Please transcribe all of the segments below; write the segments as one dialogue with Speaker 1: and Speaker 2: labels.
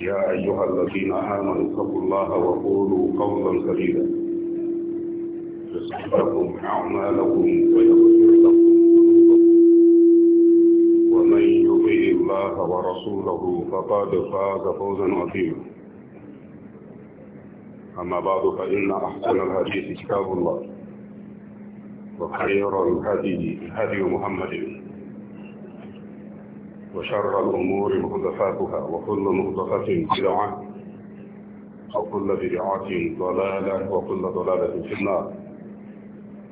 Speaker 1: يا أيها الذين آمنوا اتقوا الله وقولوا قولا سديدا يصلح لكم أعمالكم ويغفر لكم ومن يطع الله ورسوله فقد فاز فوزا عظيما أما بعد فإن أحسن الحديث كتاب الله وخير الهدي هدي محمد وشر الأمور مهدفاتها وكل مهدفة بدعة وكل بدعة ضلالة وكل ضلالة في النار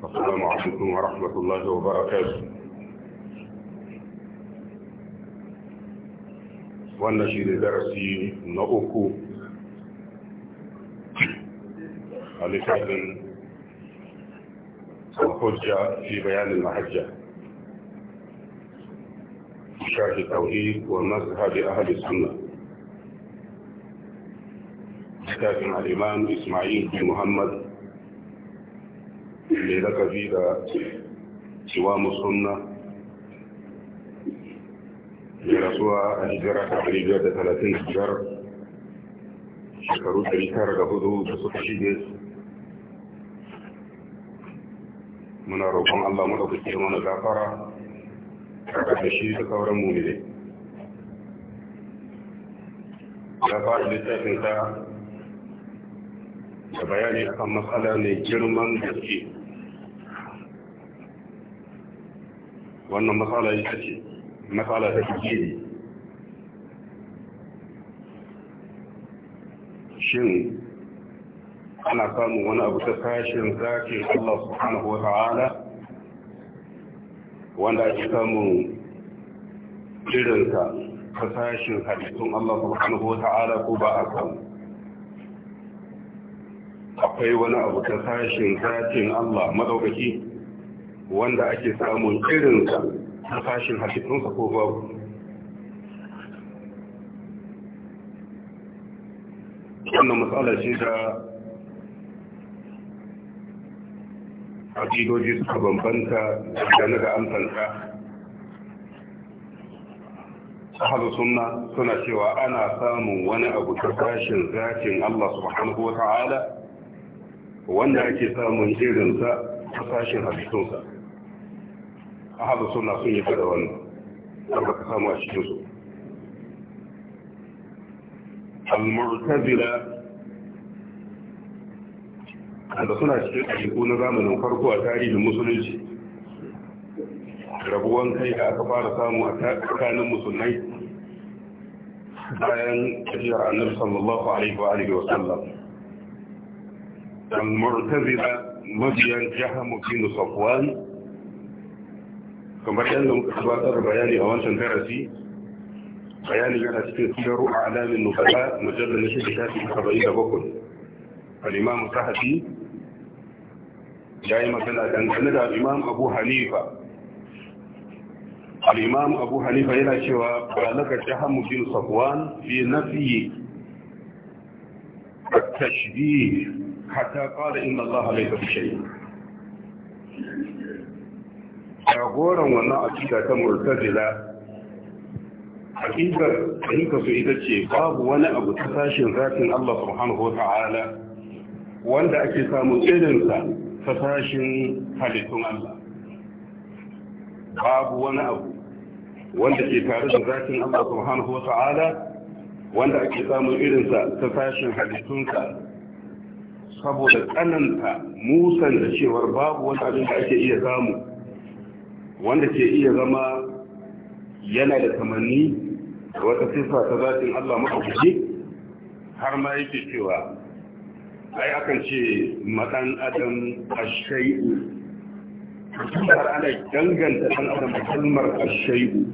Speaker 1: السلام عليكم ورحمة الله وبركاته wannan shi ne darasi na uku a littafin شرح التوحيد ومذهب أهل السنة كتاب الإمام إسماعيل بن محمد اللي لك فيه سوام السنة لرسوة الهجرة تقريبا 30 هجر
Speaker 2: شكروا تريكار
Speaker 1: لهدو بسوط شديد من الله مدى في السلمان haka da shi da sauran mumine ya fara littafin sa da bayani akan matsala mai girman gaske wannan matsala ita ce matsala ta gini
Speaker 2: shin
Speaker 1: ana samun wani abu ta sashen zakin Allah subhanahu wa ta'ala wanda ake samun irinsa ta sashin hadisun Allah subhanahu ko ta'ala ko ba a samu akwai wani abu ta sashin zatin Allah maɗaukaki? wanda ake samun irinsa ta sashin halittunsa ko babu wannan matsala shi da aƙidoji suka bambanta dangane da amsansa ahalu sunna suna cewa ana samun wani abu ta tashin zakin Allah subhanahu wa ta'ala wanda ake samun irinsa ta tashin halittunsa ahalu sunna sun yi da wani wanda ka samu a cikinsu al-mu'tazila wanda suna cikin ɗabi'u na zamanin farko a tarihin musulunci rabuwan kai da aka fara samu a tsakanin musulmai bayan tafiyar annabi sallallahu alaihi wa alihi wa sallam al-mu'tazila mabiyan jahamu bin safwan kamar yadda muka gabatar bayani a wancan darasi Bayani yana cikin sigaru a alamin nufala mujallar na shida shafi saba'in da bakwai al-imam sahabi ya yi magana dangane da imam abu hanifa al'imam abu hanifa yana cewa ba laka shahamu bin safwan fi nafi tashbih hatta qala inna allaha laysa bi jagoran wannan akida ta murtazila akidar fahimta su ita ce babu wani abu ta sashin zafin Allah subhanahu wa ta'ala wanda ake samun irinsa ta sashin halittun Allah babu wani abu wanda ke tare da zakin Allah subhanahu wa ta'ala wanda ake samun irinsa ta sashin halittunsa saboda tsananta musan da cewar babu wani abin da ake iya samu wanda ke iya zama yana da tamanni da wata sifa ta zafin Allah maɗaukaki har ma yake cewa ai akan ce matsan adam a ashai'u har ana danganta ɗan adam da kalmar ashai'u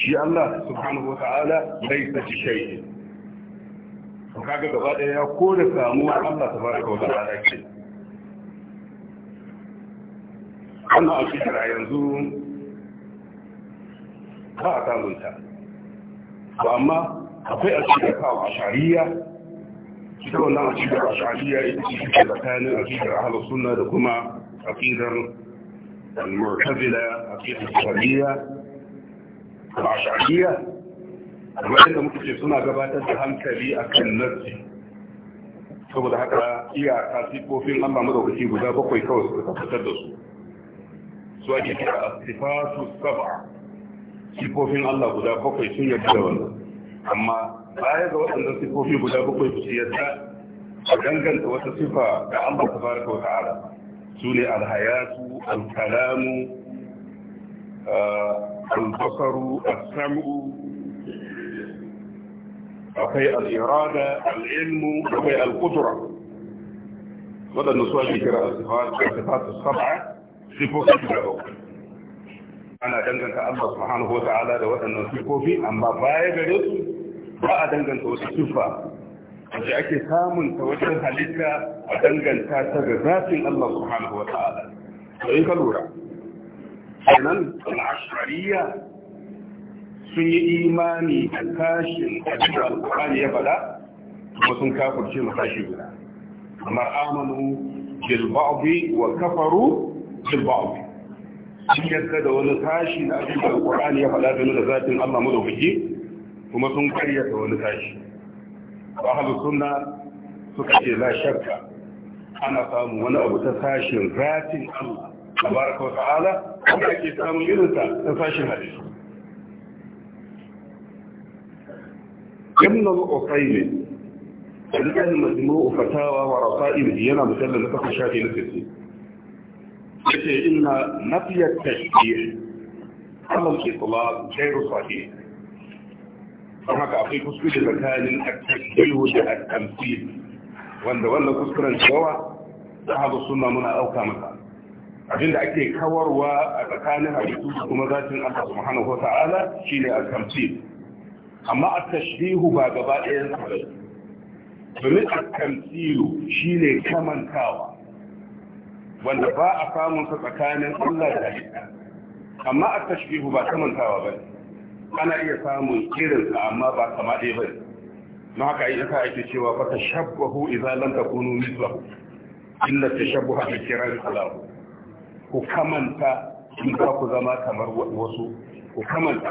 Speaker 1: shi Allah subhanahu wa ta'ala bai ta ci shai'in kaga gaba ɗaya ya kore samuwa Allah ta tabaraka wa ta'ala ce wannan alfitar a yanzu ba a samunta ba amma akwai alfitar kawo a shari'a ita wannan aƙidar ash'ariya ita ce take tsakanin aƙidar ahlus sunna da kuma aƙidar al-mu'tazila aƙidar sabiya ash'ariya kamar yadda muka ce suna gabatar da hankali akan nassi saboda haka iyaka sifofin Allah madaukaki guda bakwai kawai suka tabbatar da su su ake kira asifatu sab'a sifofin Allah guda bakwai sun yarda da wannan amma baya ga waɗannan sifofi guda bakwai ku yadda a danganta wata sifa da Allah tabaraka wa ta'ala su ne alhayatu alkalamu albasaru as-sam'u akwai al-irada al-ilmu akwai al-qudra waɗanda su ake kira sifatu sab'a sifofi guda bakwai ana danganta Allah subhanahu wa ta'ala da waɗannan sifofi amma baya gare su ba a danganta wata sufa wacce ake samun ta wajen halitta a danganta ta ga zafin Allah subhanahu wa ta'ala to in ka lura kenan al-ashariya sun yi imani da kashin da al-qur'ani ya fada kuma sun kafirce mu kashi guda amma amanu bil ba'd wa kafaru bil ba'd sun yadda da wani kashi na abin da al-qur'ani ya fada da zatin Allah madaukaki kuma sun karyata wani tashi ba halu sunna suka ce la shakka ana samun wani abu ta tashin ratin Allah tabaraka wa ta'ala kuma ake samun irinsa ta tashin hadisi ibn al-usaymi الآن مجموع فتاوى ورسائل هي مثلا لفق الشافعي نفسي إن نفي التشبيه على الإطلاق غير صحيح don haka akwai kuskure tsakanin at-tashbihu da at-tamthil wanda wannan kuskuren cewa sahabu suna muna auka masa abinda ake kawarwa a tsakanin hadisu kuma zatin Allah subhanahu wa ta'ala shine at-tamthil amma at-tashbihu ba gaba ɗaya sa ba domin at-tamthilu shine kamantawa wanda ba a samun sa tsakanin Allah da halitta amma a tashbihu ba kamantawa ba ne. ana iya samun irinsa amma ba kama ɗaya ba na haka yi yasa ake cewa ba ta shabbahu idan lam takunu mislahu illa tashabbuha bi kiran salahu ku kamanta in ba ku zama kamar wasu ku kamanta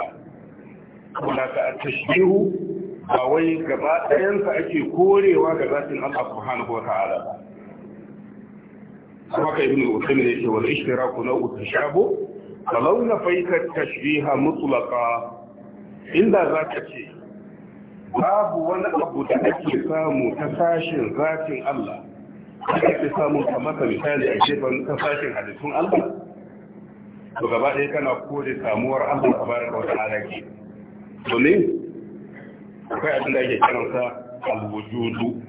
Speaker 1: kuma ka tashbihu ba wai gaba ɗayan ɗayansa ake korewa ga zatin Allah subhanahu wa ta'ala kuma ka ibn Uthaymeen yake wal ishtiraku nau'u tashabu falau nafaita tashbiha mutlaqa inda za ka ce babu wani abu da ake samu ta sashin zafin Allah aka fi samun kamata misali a shefan ta sashin halittun Allah to gaba ɗaya kana kore samuwar Allah a da wata alaƙi, domin akwai abin da ake kiransa alwujudu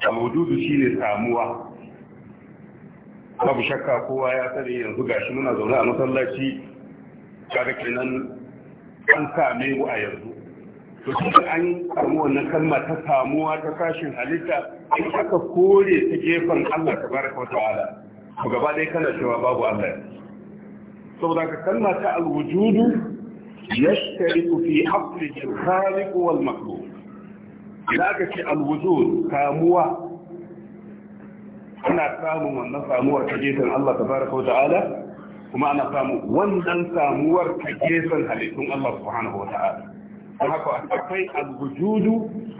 Speaker 1: alwujudu ne samuwa babu shakka kowa ya sani yanzu gashi muna zaune a masallaci kada kenan an same mu a yanzu to tunda an samu wannan kalma ta samuwa ta sashin halitta in aka kore ta gefen Allah Ta tabaraka wa ta'ala to gaba dai kana cewa babu Allah saboda ka kalma ta alwujudu yashtariku fi hafli al-khaliq wal makhluq idan ka ce alwujud samuwa ana samun wannan samuwar ta gefen Allah Ta tabaraka wa ta'ala kuma ana samu wannan samuwar ta gefen halittun Allah subhanahu wa ta'ala don haka akwai alwujudu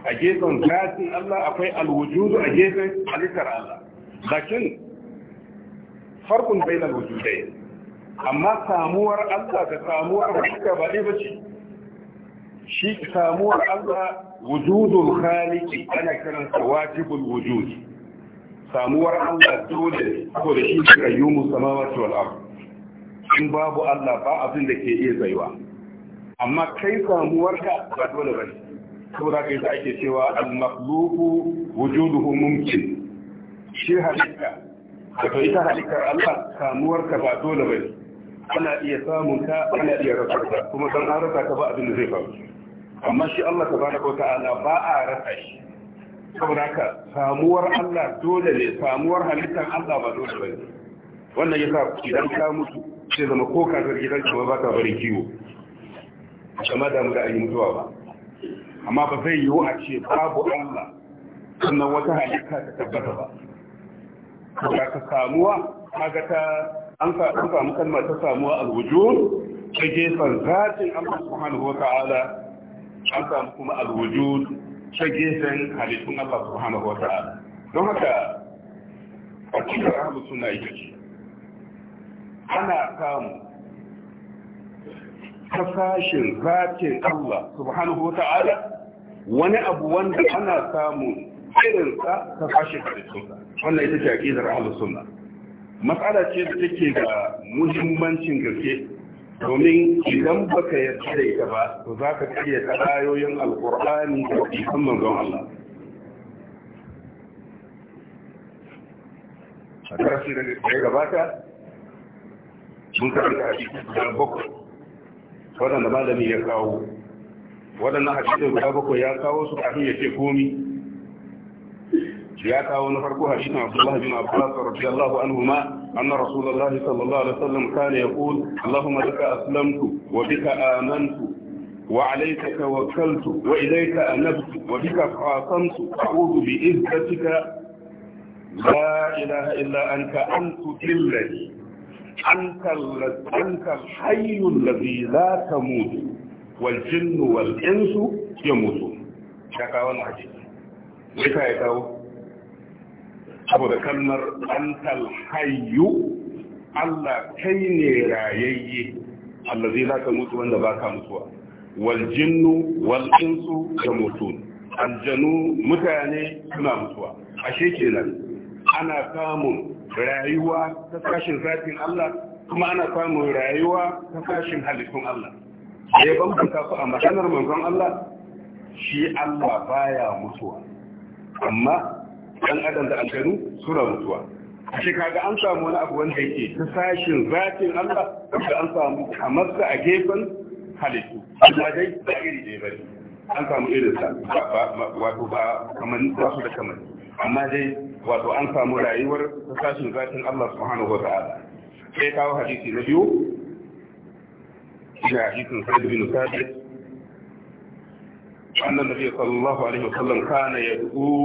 Speaker 1: a gefen zatin Allah akwai alwujudu a gefen halittar Allah lakin farkun bai da wujudai amma samuwar Allah da samuwar halitta ba ɗaya bace shi samuwar Allah wujudul khaliqi ana kiransa wajibul wujudi. samuwar Allah dole ko da shi ne kayyumus samawati wal ardh in babu Allah ba abin da ke iya tsayuwa amma kai samuwarka ba dole bane saboda kai da ake cewa al-makhluqu wujuduhu mumkin shi halitta wato ita halittar Allah samuwarka ba dole bane ana iya samun ka ana iya rasa ka kuma dan an rasa ka ba abin da zai faru amma shi Allah tabaraka ta'ala ba a rasa shi saboda haka samuwar Allah dole ne samuwar halittar Allah ba dole bane wannan yasa idan ka mutu sai zama ko kasar gidan kuma ba ka bari kiwo kama da mu da an zuwa mutuwa ba amma ba zai yiwu a ce babu Allah sannan wata halitta ta tabbata ba da ka samuwa ga ta an samu kalmar ta samuwa alwujud ta gefen zatin Allah subhanahu wa ta'ala an samu kuma alwujud ta gefen halittun Allah subhanahu wa ta'ala don haka a cikin rahama suna ita ce ana samu ta fashin zafin Allah subhanahu wa ta'ala wani abu wanda ana samun irinsa ta fashin karisunsa wannan ita ce a ahlus sunna matsala ce da take ga muhimmancin gaske domin idan baka yarda da ita ba to za ka karya da ayoyin alƙur'ani da ikon manzon Allah a ƙarfi da gabata mun karanta hadisi guda bakwai waɗanda malami ya kawo waɗannan hadisai guda bakwai ya kawo su kafin ya ce komi ya kawo na farko hadisin Abdullahi bin Abbas radiyallahu anna sallallahu alaihi wasallam kana yaqul Allahumma laka aslamtu wa bika amantu وعليك توكلت وإليك أنبت وبك خاصمت أعوذ بعزتك لا إله أنت الحي الذي لا تموت والجن والإنس يموتون شكاوى الحديث ليس يكاوى أبو kalmar أنت الحي Allah kai ne rayayye allazi za ka mutu wanda ba ka mutuwa wal jinnu ya mutu. aljanu mutane suna mutuwa ashe kenan ana samun rayuwa ta sashin zafin Allah kuma ana samun rayuwa ta sashin halittun Allah da ya bambanta su a maganar manzon Allah shi Allah baya mutuwa amma ɗan adam da aljanu suna mutuwa shi kaga an samu wani abu wanda yake ta sashin zafin Allah da an samu kamarsa a gefen halittu kuma dai ba iri ne bane an samu irinsa wato ba kamar wasu da kamar amma dai wato an samu rayuwar ta sashin zatin Allah subhanahu wa ta'ala sai kawo hadisi na biyu ina hadisin sa'id bin sabit anna nabi sallallahu alaihi wa sallam kana du'u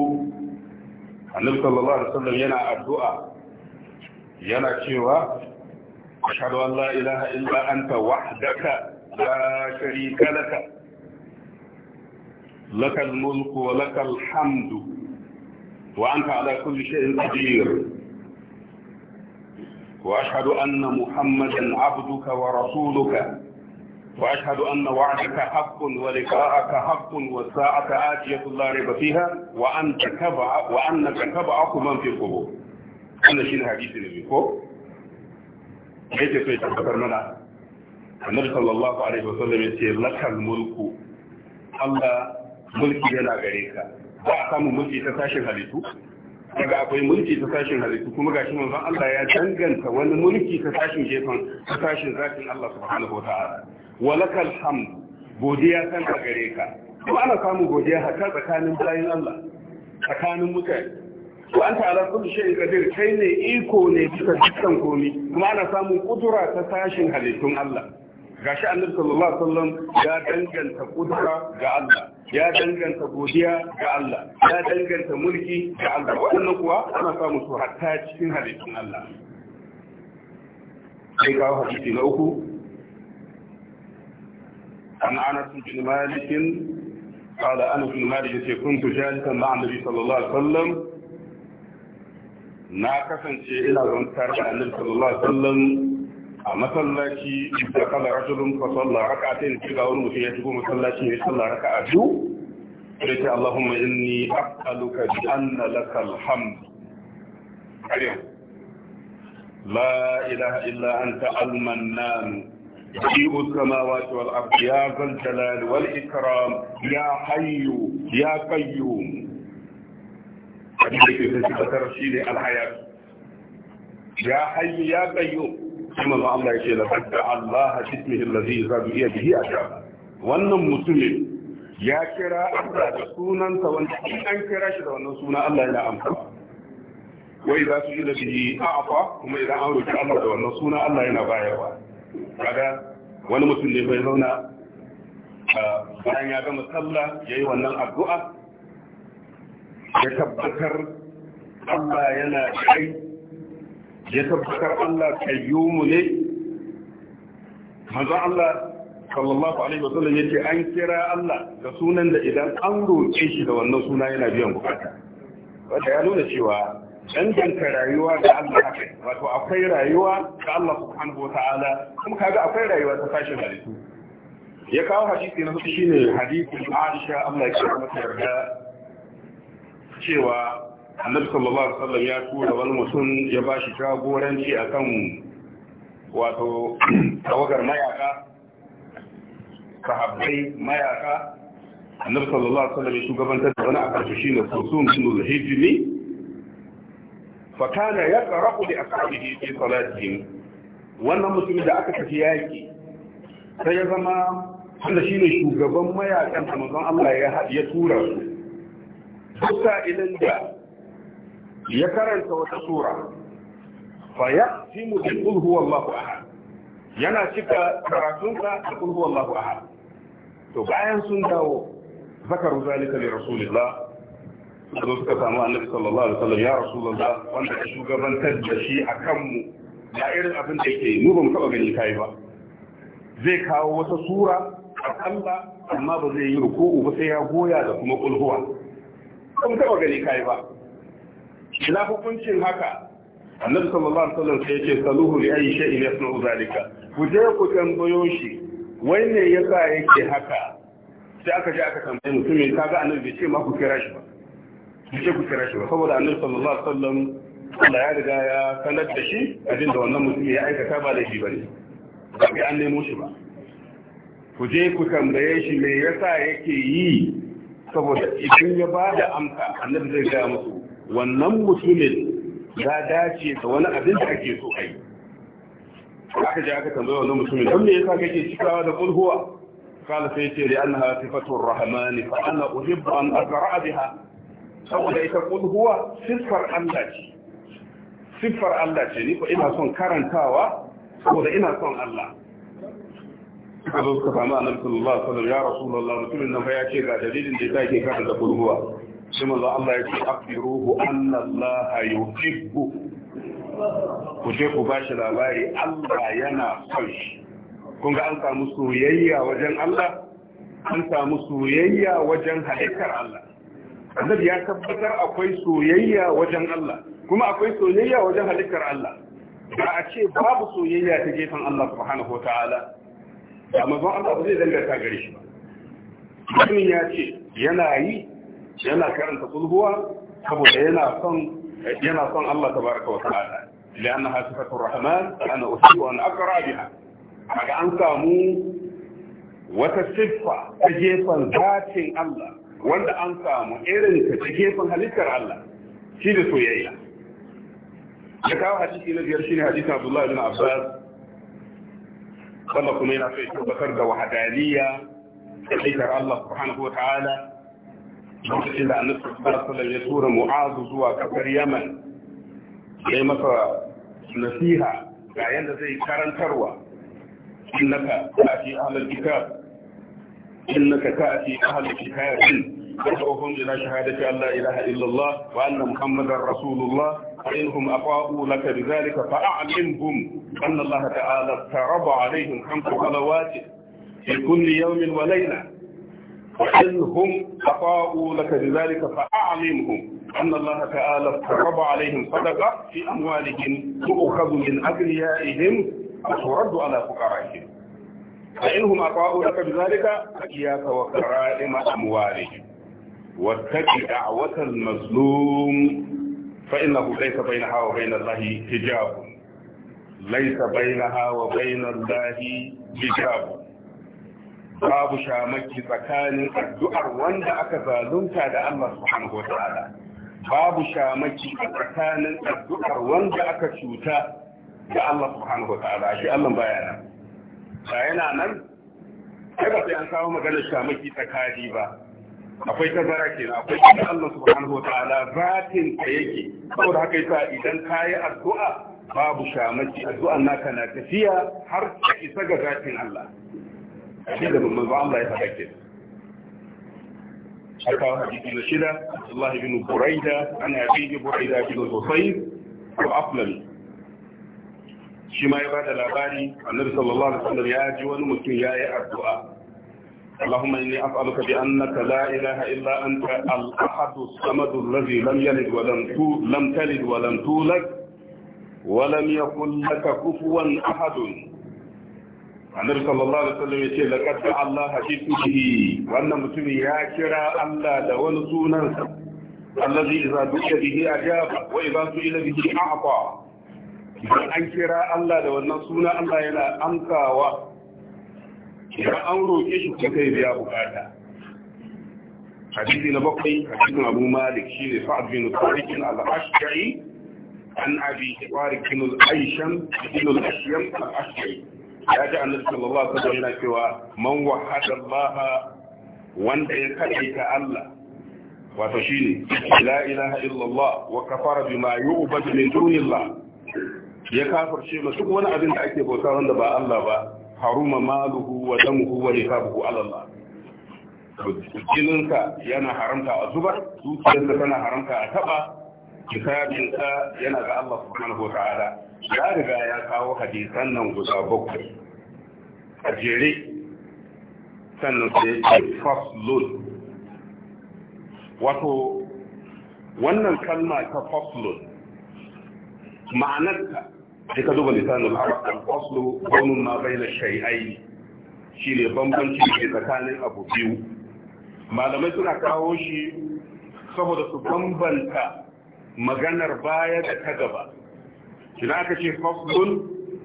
Speaker 1: annabi sallallahu alaihi wa sallam yana addu'a yana cewa ashhadu an la ilaha illa anta wahdaka la sharika laka لك الملك ولك الحمد وأنت على كل شيء قدير وأشهد أن محمدا عبدك ورسولك وأشهد أن وعدك حق ولقاءك حق والساعة آتية لا ريب فيها وأنت تبع وأنك تبعك من في القبور أنا شيء حديث النبي كو كيف تفكر منا النبي صلى الله عليه وسلم يقول لك الملك الله ملكي يلا غريك ba a samun mulki ta sashen halittu daga akwai mulki ta sashen halittu kuma ga shi manzon Allah ya danganta wani mulki ta sashen gefen ta sashen zafin Allah subhanahu wataala walakal hamd godiya san ka gare ka kuma ana samun godiya haka tsakanin bayin Allah tsakanin mutane wa an ala kullu shay'in qadir kai ne iko ne bisa dukkan komai kuma ana samun kudura ta sashin halittun Allah gashi annabi sallallahu alaihi wasallam ya danganta kudura ga Allah ya danganta godiya ga Allah ya danganta mulki ga Allah wannan kuwa ana samu su hatta cikin halittun Allah sai ga hadisi na uku عن انس بن مالك قال انس بن مالك كنت جالسا مع النبي صلى الله عليه وسلم na kasance ina zantar da annabi sallallahu alaihi wasallam a masallaci da kala rajulun fa salla rak'atayn sai shiga wani mutum ya shigo masallaci ya salla a biyu sai ce Allahumma inni as'aluka bi anna laka alhamd kariya la ilaha illa anta al-mannan بديع السماوات والأرض يا ذا الجلال والإكرام يا حي يا قيوم حديثك في الحياة يا حي Ya قيوم sai manzo Allah yake la tadda Allah ismihi allazi yuzadu bihi ashab wannan mutumin ya kira Allah da sunansa wanda in an kira shi da wannan suna Allah yana amfana. Wai amsa wa idza su'ila bihi a'fa kuma idan an roki Allah da wannan suna Allah yana bayarwa kaga wani mutum ne bai zauna bayan ya gama sallah ya yi wannan addu'a ya tabbatar Allah yana da ya tabbatar Allah kayyumu ne manzo Allah sallallahu alaihi wasallam yace an kira Allah da sunan da idan an roƙe shi da wannan suna yana biyan bukata wanda ya nuna cewa danganta rayuwa da Allah haka wato akwai rayuwa da Allah subhanahu wataala kuma kaga akwai rayuwa ta fashin halittu ya kawo hadisi na hudu shine hadisin Aisha Allah ya kira mata yarda cewa annabi sallallahu alaihi wasallam ya tura wani mutum ya ba shi jagoranci akan wato tawagar mayaka sahabbai mayaka annabi sallallahu alaihi wasallam ya shugabantar da wani a karshe shine kusum bin hijri fa kana yaqra'u li ashabihi fi salatihim wannan mutum da aka tafi yaƙi. sai ya zama wanda shi ne shugaban mayakan da manzon Allah ya tura su duk idan da ya karanta wata sura fa ya simu da kul huwallahu ahad yana cika karatunsa da kul huwallahu ahad to bayan sun dawo zakaru zalika li rasulillah suka zo suka samu annabi sallallahu alaihi wasallam ya rasulullah wanda ya shugabantar da shi a kanmu Ya irin abin da yake mu ba mu taba gani kai ba zai kawo wata sura akalla amma ba zai yi ruku'u ba sai ya goya da kuma kulhuwa ba mu taba gani kai ba ina hukuncin haka annabi sallallahu alaihi wasallam sai yake saluhu li ayi shay'in yasna'u zalika ku je ku tambayo shi wai ne yasa yake haka sai aka je aka tambaye mutumin kaga annabi bai ce ma ku kira shi ba ku ce ku kira shi ba saboda annabi sallallahu alaihi wasallam Allah ya riga ya sanar da shi abin da wannan mutum ya aikata ba da shi bane ba ga an nemo shi ba ku je ku tambaye shi me yasa yake yi saboda idan ya ba da amsa annabi zai gaya musu wannan mutumin ya dace da wani abin da ake so a yi aka je aka tambaye wannan mutumin don me yasa kake cikawa da kulhuwa kala sai ce da annaha sifatur rahman fa ana uhibbu an aqra biha saboda ita kulhuwa sifar Allah ce sifar Allah ce ni ko ina son karantawa saboda ina son Allah suka zo suka samu annabi sallallahu alaihi wasallam ya rasulullah mutumin nan fa ya ce ga dalilin da yasa yake karanta kulhuwa sai manzo Allah ya ce akbiruhu anna yuhibbu ku je ku bashi labari Allah yana son shi kun ga an samu soyayya wajen Allah an samu soyayya wajen halittar Allah annabi ya tabbatar akwai soyayya wajen Allah kuma akwai soyayya wajen halittar Allah ba a ce babu soyayya ta gefen Allah subhanahu wataala da mazan Allah ba zai danganta gare shi ba mutum ya ce yana yi yana karanta kulhuwa saboda yana son yana son Allah tabaraka wa ta'ala lianna hasifatu rahman ana uhibbu an aqra biha kaga an samu wata siffa ta gefen zatin Allah wanda an samu irin ta gefen halittar Allah shi da soyayya ya kawo hadisi na biyar shine hadisin Abdullah ibn Abbas wanda kuma yana so ya tabbatar da wahadaniya da Allah subhanahu wa ta'ala lokacin da annabi sallallahu alaihi ya tura mu'azu zuwa kasar yaman ya yi masa nasiha ga yadda zai karantarwa innaka ta'ti ahlul kitab innaka ta'ti ahlul kitab يدعوهم إلى شهادة أن لا إله إلا الله وأن محمدا رسول الله فإنهم أطاعوا لك بذلك فأعلمهم أن الله تعالى افترض عليهم خمس صلوات في كل يوم وليلة فإن هم أطاعوا لك بذلك فأعلمهم أن الله تعالى افترض عليهم صدقة في أموالهم تؤخذ من أغنيائهم وترد على فقرائهم فإنهم أطاعوا لك بذلك فإياك وكرائم أموالهم واتق دعوة المظلوم فإنه ليس بينها وبين الله حجاب ليس بينها وبين الله حجاب babu shamaki tsakanin addu'ar wanda aka zalunta da Allah subhanahu wa ta'ala babu shamaki tsakanin addu'ar wanda aka cuta da Allah subhanahu wa ta'ala shi Allah baya nan ba yana nan sai ba sai an samu magana shamaki tsakani ba akwai tazara na akwai shi Allah subhanahu wa ta'ala zatin ka yake saboda haka yasa idan kayi addu'a babu shamaki addu'an naka na tafiya har ka isa ga zatin Allah abin da manzo Allah ya faɗa ke haka hadisi na shida Abdullah ibn Buraida ana bihi Buraida ibn Husayb al-Aflami shi ma ya bada labari annabi sallallahu alaihi wasallam ya ji wani mutum ya yi addu'a اللهم إني أسألك بأنك لا إله إلا أنت الأحد الصمد الذي لم يلد ولم لم تلد ولم تولد ولم يكن لك كفوا أحد annabi sallallahu alaihi wasallam yace laqad Allah hakiki wannan mutumin ya kira Allah da wani sunansa allazi idza du'a bihi ajaba wa idza su'ila bihi a'ta idan an kira Allah da wannan suna Allah yana amsawa idan an roƙe shi ko kai biya bukata hadisi na bakwai hadisin Abu Malik shi shine Sa'd bin Tariq al-Ashja'i an abi Tariq bin al-Aisham bin al-Ashyam al-Ashja'i ya ji annabi sallallahu alaihi wasallam yana cewa man wahada Allah wanda ya kaita Allah wato shine la ilaha illallah wa kafara bima yu'badu min dunillah ya kafirce ma duk wani abin da ake bauta wanda ba Allah ba haruma maluhu wa damuhu wa hisabuhu ala Allah jininka yana haramta a zubar dukiyarsa tana haramta a taba kitabinka yana ga Allah subhanahu wa ta'ala ya riga ya kawo hadisan nan guda bakwai a jere sannan sai ce faslun wato wannan kalma ta faslun ma'anarta da ka zuba lisanin arabin faslun. gonun ma bai na shai'ai shi ne bambanci da tsakanin abu biyu malamai suna kawo shi saboda su bambanta maganar baya da ta gaba idan aka ce faslun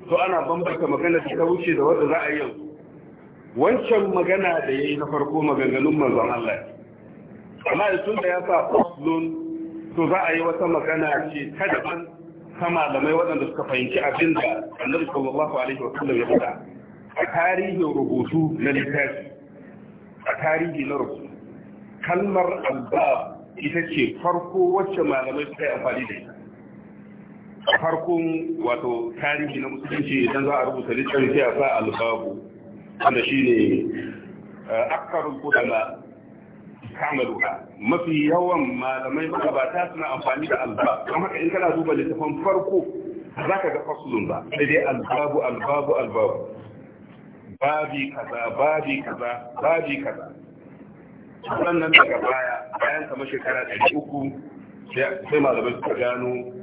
Speaker 1: to ana bambanta magana ta wuce da wanda za a yi yanzu wancan magana da ya yi na farko maganganun manzon Allah amma tun da ya sa faslun to za a yi wata magana ce ta daban ta malamai waɗanda suka fahimci abin da annabi sallallahu alaihi wa sallam ya faɗa a tarihin rubutu na littafi a tarihi na rubutu kalmar albab ita ce farko wacce malamai suka yi amfani da ita farkon wato tarihi na musulunci idan za a rubuta littafi sai a sa albabu
Speaker 2: wanda shine
Speaker 1: eh, akkarul kudama kamaruka mafi yawan malamai magabata suna amfani da albab don haka in kana duba littafin farko za ka ga fasulun ba sai dai albabu albabu albabu babi kaza babi kaza babi kaza sannan daga baya bayan kamar shekara 300 sai malamai suka gano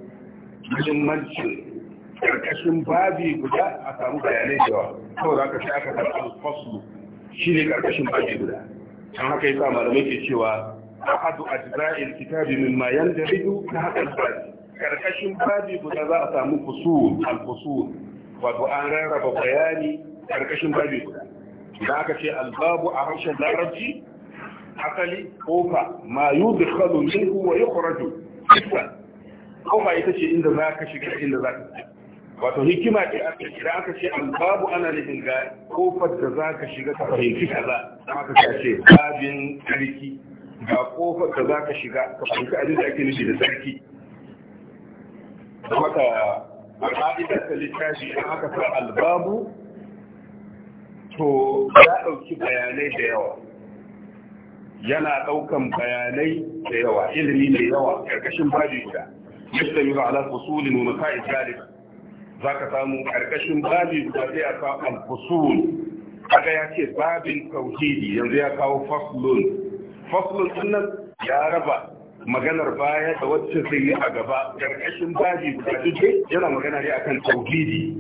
Speaker 1: muhimmancin karkashin babi guda a samu bayanai da yawa kawai za ka shi aka karɓi alfaslu shi ne karkashin babi guda can haka yi sa malamai ke cewa a ajza'il kitabi mimma jaridu na haka babi karkashin babi guda za a samu fusul al-fusul wato an rarraba bayani karkashin babi guda da aka ce albabu a harshen larabci asali kofa ma yudkhalu minhu wa kwarajo kofa ita ce inda za ka shiga inda za ka shiga. wato hikima ce aka Idan aka ce babu ana nufin ga kofar da za ka shiga ka fahimci kaza don ka ce babin sarki ga kofar da za ka shiga ka fahimci abin da ake nufi da sarki Da maka a ka'idar ta littafi don aka sa albabu to ya ɗauki bayanai da yawa yana ɗaukan bayanai da yawa ilimi mai yawa ƙarƙashin babi guda yastamilu ala fusulin wa masail galiba zaka samu karkashin babi guda sai a kawo al-fusul kaga ya ce babin tauhidi yanzu ya kawo faslun faslun sunan ya raba maganar baya da wacce zai yi a gaba karkashin babi guda duk yana magana ne akan tauhidi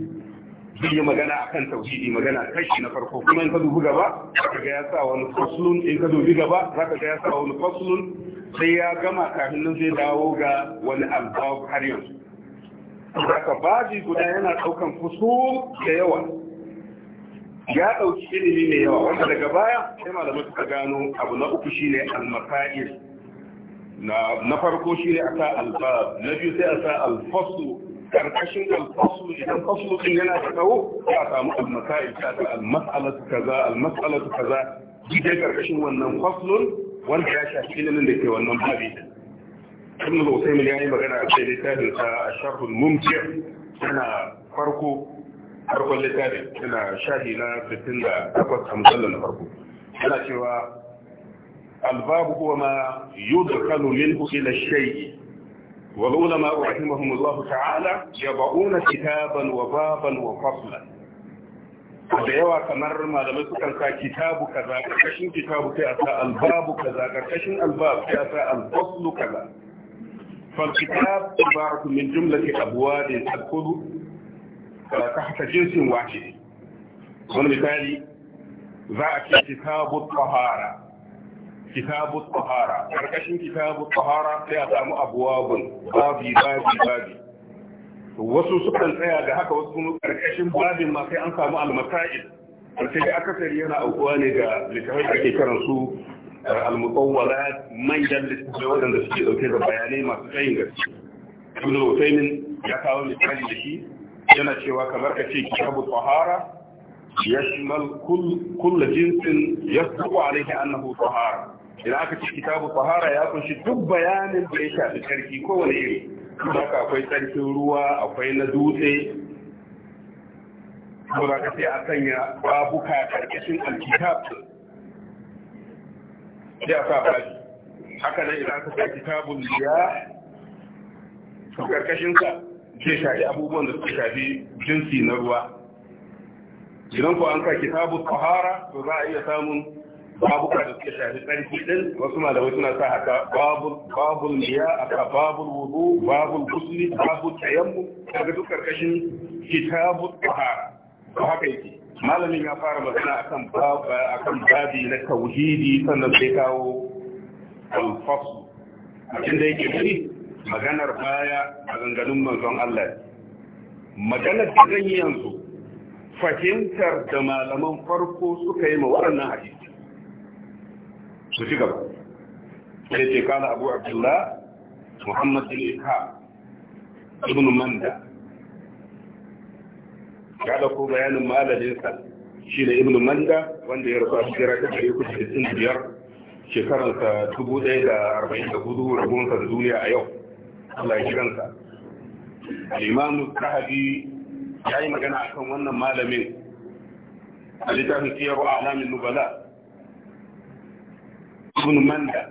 Speaker 1: zai yi magana akan tauhidi magana kashi na farko kuma in ka dubi gaba zaka ga ya sa wani faslun in ka dubi gaba zaka ga ya sa wani faslun sai ya gama kafin nan zai dawo ga wani albab har yanzu daga babi guda yana daukan kusur da yawa ya dauki ilimi mai yawa wanda daga baya sai malamai suka gano abu na uku shine al-masail na farko shine asa albab na biyu sai asa al-fasl karkashin al-fasl idan fasl din yana da tsawo ya samu al-masail ta al-mas'alatu kaza al-mas'alatu kaza gidan karkashin wannan faslun wanda ya shafi da ke wannan babi ibn al-usaymin ya yi magana a cikin littafin sa ash-sharh al yana farko farkon littafin yana shahi na 58 hamdallah na farko yana cewa al-bab huwa ma yudkhalu minhu ila ash-shay' wa ulama rahimahumullah ta'ala ya bauna kitaban wa baban wa da yawa kamar malamai sukan sa kitabu kaza karkashin kitabu sai a sa albabu kaza karkashin albab sai a sa albaslu kaza
Speaker 2: fal kitab
Speaker 1: ibaratu min jumlati abwadin tadkhulu fala tahta jinsin wahid wani misali za a ce kitabu tahara kitabu tahara karkashin sai a samu abwabun babi babi babi wasu sukan tsaya ga haka wasu kuma karkashin babin ma sai an samu almasa'il sai akasari yana aukuwa ne ga littafai ake kiran su eh, al-mutawwala manyan littafai waɗanda suke dauke da bayanai masu tsayin gaske ibn Uthaymeen ya kawo misali da shi yana cewa kamar ka ce kitabu tahara yashmal kull jinsin yasbu alayhi annahu tahara idan aka ce kitabu tahara ya kunshi duk bayanin da ya shafi sarki kowane iri haka akwai tsarkin ruwa akwai na dutse saboda ka sai a sanya babuka karkashin alkitab sai a sa faɗi. haka nan idan ka sa kitabun biya Ƙarƙashin karkashin sa zai shafi abubuwan da suka shafi jinsi na ruwa idan ko an sa kitabun tahara to za a iya samun babuka da suke shafi tsarki din wasu malamai suna sa haka babul babul liya aka babul wudu babul gusli babu tayammu daga duk karkashin kitabu tahara to haka yake malamin ya fara magana akan akan babi na tauhidi sannan sai kawo al-fasl abin da yake shi maganar baya a ganganun manzon Allah maganar da zan yi yanzu fahimtar da malaman farko suka yi ma waɗannan hadisi su ci gaba sai ce kana abu abdullah muhammad bin isha ibn manda ya dauko bayanin malaminsa shi ne ibn manda wanda ya rasu a shekara ta ɗari kusa da biyar shekararsa dubu ɗaya da arba'in da hudu rabonsa da duniya a yau Allah ya kiransa al'imamu kahabi ya yi magana akan wannan malamin a littafin siyarwa alamin nubala ibn manda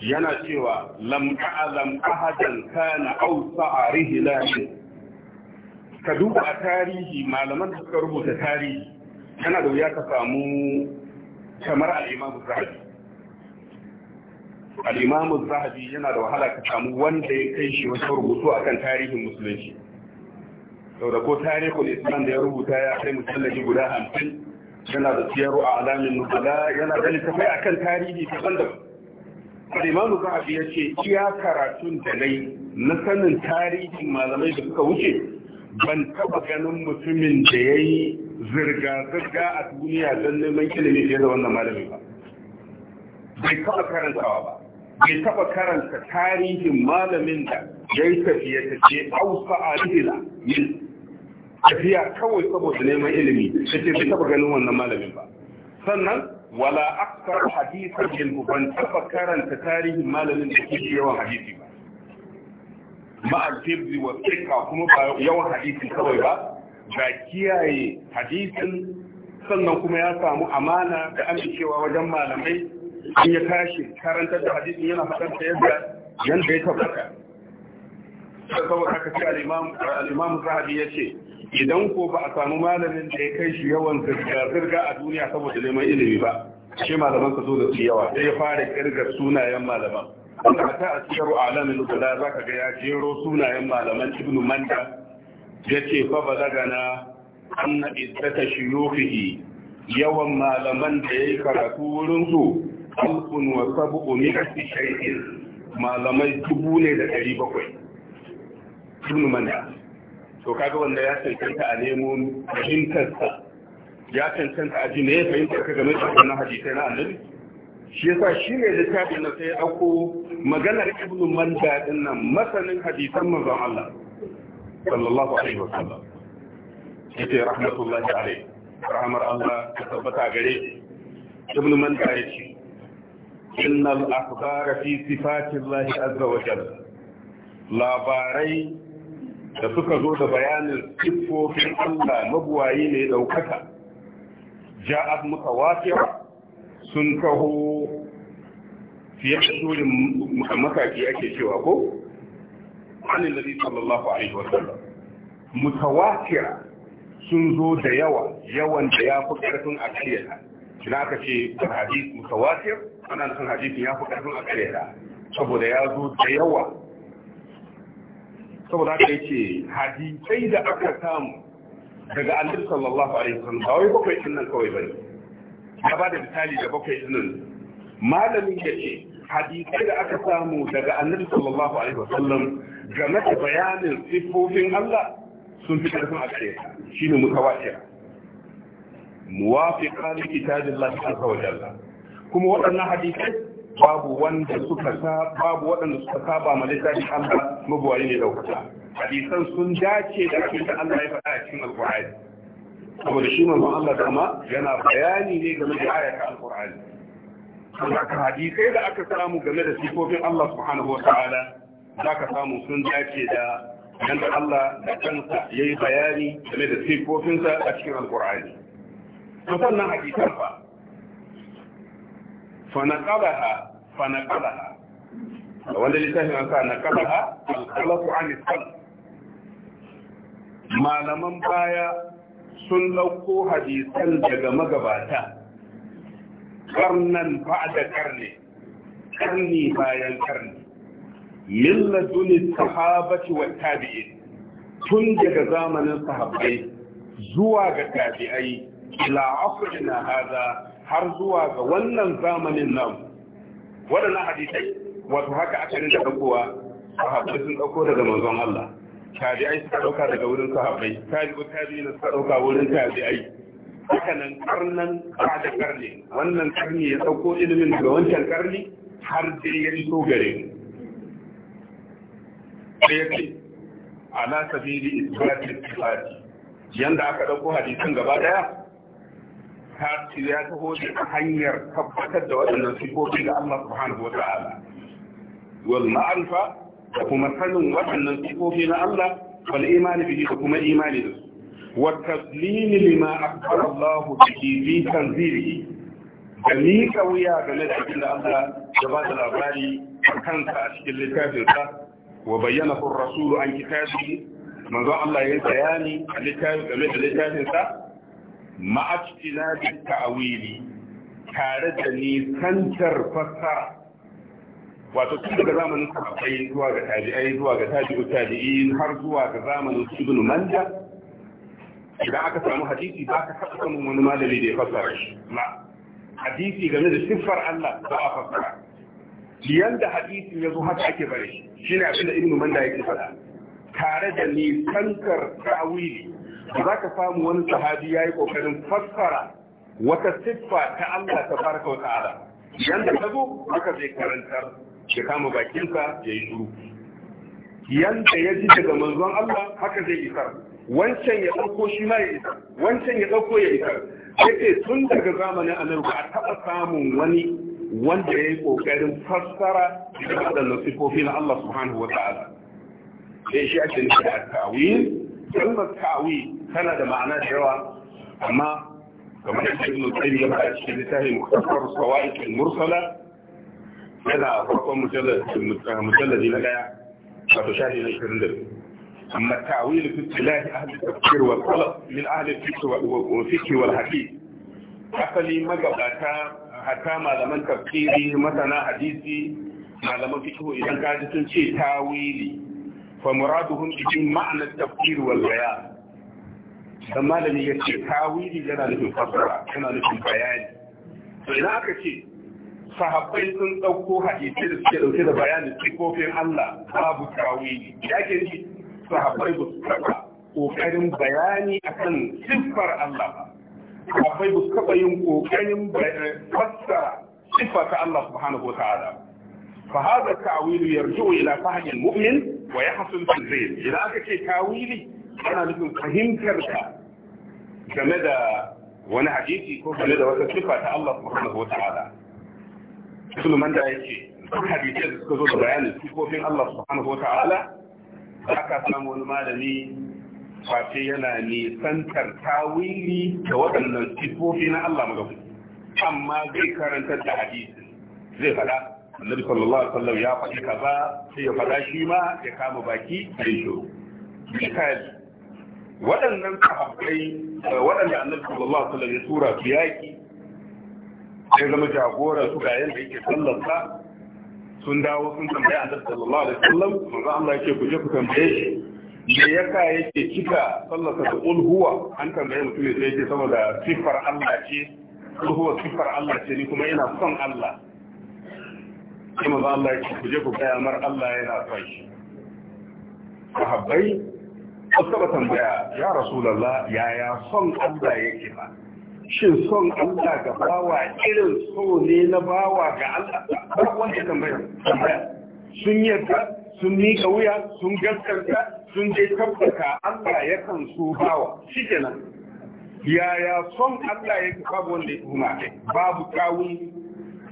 Speaker 1: yana cewa lam ta'lam ahadan kana awsa rihlani ka duba a tarihi malaman da suka rubuta tarihi yana da wuya ka samu kamar al-imam zahabi al-imam zahabi yana da wahala ka samu wanda ya kai shi wasu rubutu akan tarihin musulunci da ko tarihin islam da ya rubuta ya kai musallaci guda hamsin yana da siyaru a alamin nubala yana da littafai a kan tarihi daban daban za a ya ce iya karatun da nai na sanin tarihin malamai da suka wuce ban taɓa ganin mutumin da ya yi zirga-zirga a duniya don neman ilimi fiye da wannan malamin ba bai taba karantawa ba bai taba karanta tarihin malamin da ya yi tafiye-tafiye ausa a yin tafiya kawai saboda neman ilimi ce fi taba ganin wannan malamin ba sannan wala akthar hadisan min ban taba karanta tarihin malamin da ke yawan hadisi ba ma'a tibzi wa tsika kuma ba yawan hadisi kawai ba ga kiyaye hadisin sannan kuma ya samu amana da amincewa wajen malamai an ya tashi karantar da hadisin yana faɗar yadda yadda ya tabbata saboda haka sai al'imamu zahabi ya ce, idan ko ba a samu malamin da ya kai shi yawan zirga-zirga a duniya saboda neman ilimi ba shi malaman ka so da su yawa sai ya fara kirgar sunayen malaman wanda ta a cikin alamin kula za ka ga ya jero sunayen malaman ibn manda ya ce fa ba daga na an iddata shuyufihi yawan malaman da ya yi karatu wurin su alfun wa sabu'u mi'ati malamai dubu ne da ɗari bakwai ibn manda to kaga wanda ya cancanta a nemo fahimtarsa ya cancanta a jini ya fahimta ka game da wannan hadisai na annabi shi yasa shi ne littafin na sai ya ɗauko maganar ibnu manda din nan masanin hadisan manzon Allah sallallahu alaihi wa sallam yace rahmatullahi alaihi rahmar Allah ta tabbata gare ibnu manda yace innal akhbara fi sifatillahi azza wa jalla labarai da suka zo da bayanin siffofin Allah mabuwayi ne daukaka ja'at muka sun taho fiye da surin makaki ake cewa ko an nabi sallallahu alaihi wa sallam mutawafira sun zo da yawa yawan da ya fi karfin a karyata aka ce hadis mutawafir ana nufin hadisin ya fi karfin a saboda ya zo da yawa saboda haka yace hadisai da aka samu daga annabi sallallahu alaihi wasallam ba wai bakwai din nan kawai bane ya ba da misali da bakwai din nan malamin yace hadisai da aka samu daga annabi sallallahu alaihi wasallam game da bayanin sifofin Allah sun fi karfin a kare shine wace muwafiqan li kitabillahi azza wa jalla kuma waɗannan hadisai babu wanda suka sa babu waɗanda suka saba ma littafin Allah mabuwayi ne daukaka hadisan sun dace da abin da Allah ya faɗa a cikin alqur'ani
Speaker 2: saboda shi manzon Allah zama
Speaker 1: yana bayani ne game da ayata alqur'ani saboda hadisai da aka samu game da sifofin Allah subhanahu wataala zaka samu sun dace da yanda Allah da kansa yayi bayani game da sifofinsa a cikin alqur'ani to sannan hadisan fa fanaqalaha fanaqalaha wanda littafin an sa naqalaha al-khalaqu an al malaman baya sun dauko hadisan daga magabata karnan ba'da karni karni bayan karni milladun sahabati wa tabi'in tun daga zamanin sahabbai zuwa ga tabi'ai ila asrina hada har zuwa ga wannan zamanin namu waɗannan hadisai wato haka aka rinka ɗaukowa sahabbai sun ɗauko daga manzon Allah tabi'ai suka ɗauka daga wurin sahabbai tabi'u tabi'ina suka ɗauka wurin tabi'ai haka nan karnan da karni wannan karni ya ɗauko ilimin daga wancan karni har sai ya iso gare mu sai ya ce ala sabili isbatil sifati yanda aka ɗauko hadisin gaba ɗaya tasiri ya taho da hanyar tabbatar da waɗannan sifofi ga Allah subhanahu wata'ala wal ma'arifa da kuma sanin waɗannan sifofi na Allah wal imani bihi da kuma imani da su wa taslimi lima akbar Allah bihi bi tanzilihi da ni ka wuya ga nasihin da Allah ya ba da labari a kansa a cikin littafinsa wa bayyana rasulu an kitabihi manzon Allah ya bayani a littafin game da littafinsa ma'abtinabin ta'awili tare da nisantar fassara wato tun daga zamanin sahabbai zuwa ga tabi'ai zuwa ga tabi'u tabi'in har zuwa ga zamanin ibn manja idan aka samu hadisi ba ka taɓa samun wani malami da ya fassara shi ba. hadisi game da siffar Allah ba a fassara yanda hadisin ya zo haka ake bari? shi shine abin da ibn manja yake faɗa tare da nisantar ta'awili za ka samu wani sahabi ya yi ƙoƙarin fassara wata siffa ta Allah ta baraka wa ta'ala yanda ta zo haka zai karantar ya kama bakinsa ya yi shuru yanda ya ji daga manzon Allah haka zai isar wancan ya ɗauko shi ma ya isar wancan ya ɗauko ya isar yake tun daga zamanin annabi ba a taɓa samun wani wanda ya yi ƙoƙarin fassara da waɗannan siffofi na Allah subhanahu wa ta'ala sai shi ake nufi da tawil كلمة تعويل هل هذا معناه شراء أما كما يجب أن نتعلم جمع الشيطان مختصر الصوائف المرسلة هذا فرق مجلد مجلد لك فتشاهد الكرندر أما التعويل في اتلاه أهل التفكير والطلب من أهل الفكر والحكيم أقلي ما قبلتا حتى ما لمن تفكيري مثلا حديثي ما لمن فكره إذا كانت تنشي تعويلي fa muraduhum bi ma'na at-tafsir wal malami ya ce tawili yana nufin fassara yana nufin bayani to idan aka ce sahabbai sun ɗauko hadisi da suke ɗauke da bayanin sifofin Allah babu tawili da ake ji sahabbai ba su taɓa ƙoƙarin bayani akan siffar Allah ba sahabbai ba su taɓa yin ƙoƙarin fassara siffar ta Allah subhanahu wa ta'ala فهذا التأويل يرجع إلى فهم المؤمن ويحصل تنزيل إذا أكت تأويلي أنا مثل فهمتك game da wani hadisi ko game da wata sifa ta Allah subhanahu wa ta'ala Ibn Manda yake duk hadisai da suka zo da bayanin sifofin Allah ta'ala aka samu wani malami face yana nisantar tawili da waɗannan sifofi na Allah magabu amma zai karanta da hadisi zai faɗa annabi sallallahu alaihi wasallam ya faɗi kaza sai ya faɗa shi ma ya kama baki a yi shiru misali waɗannan sahabbai waɗanda annabi sallallahu alaihi wasallam ya tura su yaƙi sai zama jagoran su ga yanda yake sallarsa sun dawo sun tambaye annabi sallallahu alaihi wasallam manzo Allah yake ku je ku tambaye shi me yaka yake cika sallarsa da huwa an tambaye mutum ne sai yake saboda sifar Allah ce huwa sifar Allah ce ni kuma ina son Allah sai manzo Allah ya ce ku je ku Allah yana son shi sahabbai sun taba tambaya ya rasulullah yaya son Allah yake ba shin son Allah ga bawa irin so ne na bawa ga Allah ba wanda tambaya tambaya sun yarda sun miƙa wuya sun gaskanta sun je tabbata Allah ya kan su bawa shi kenan yaya son Allah ya babu wanda ya tuhuma babu kawun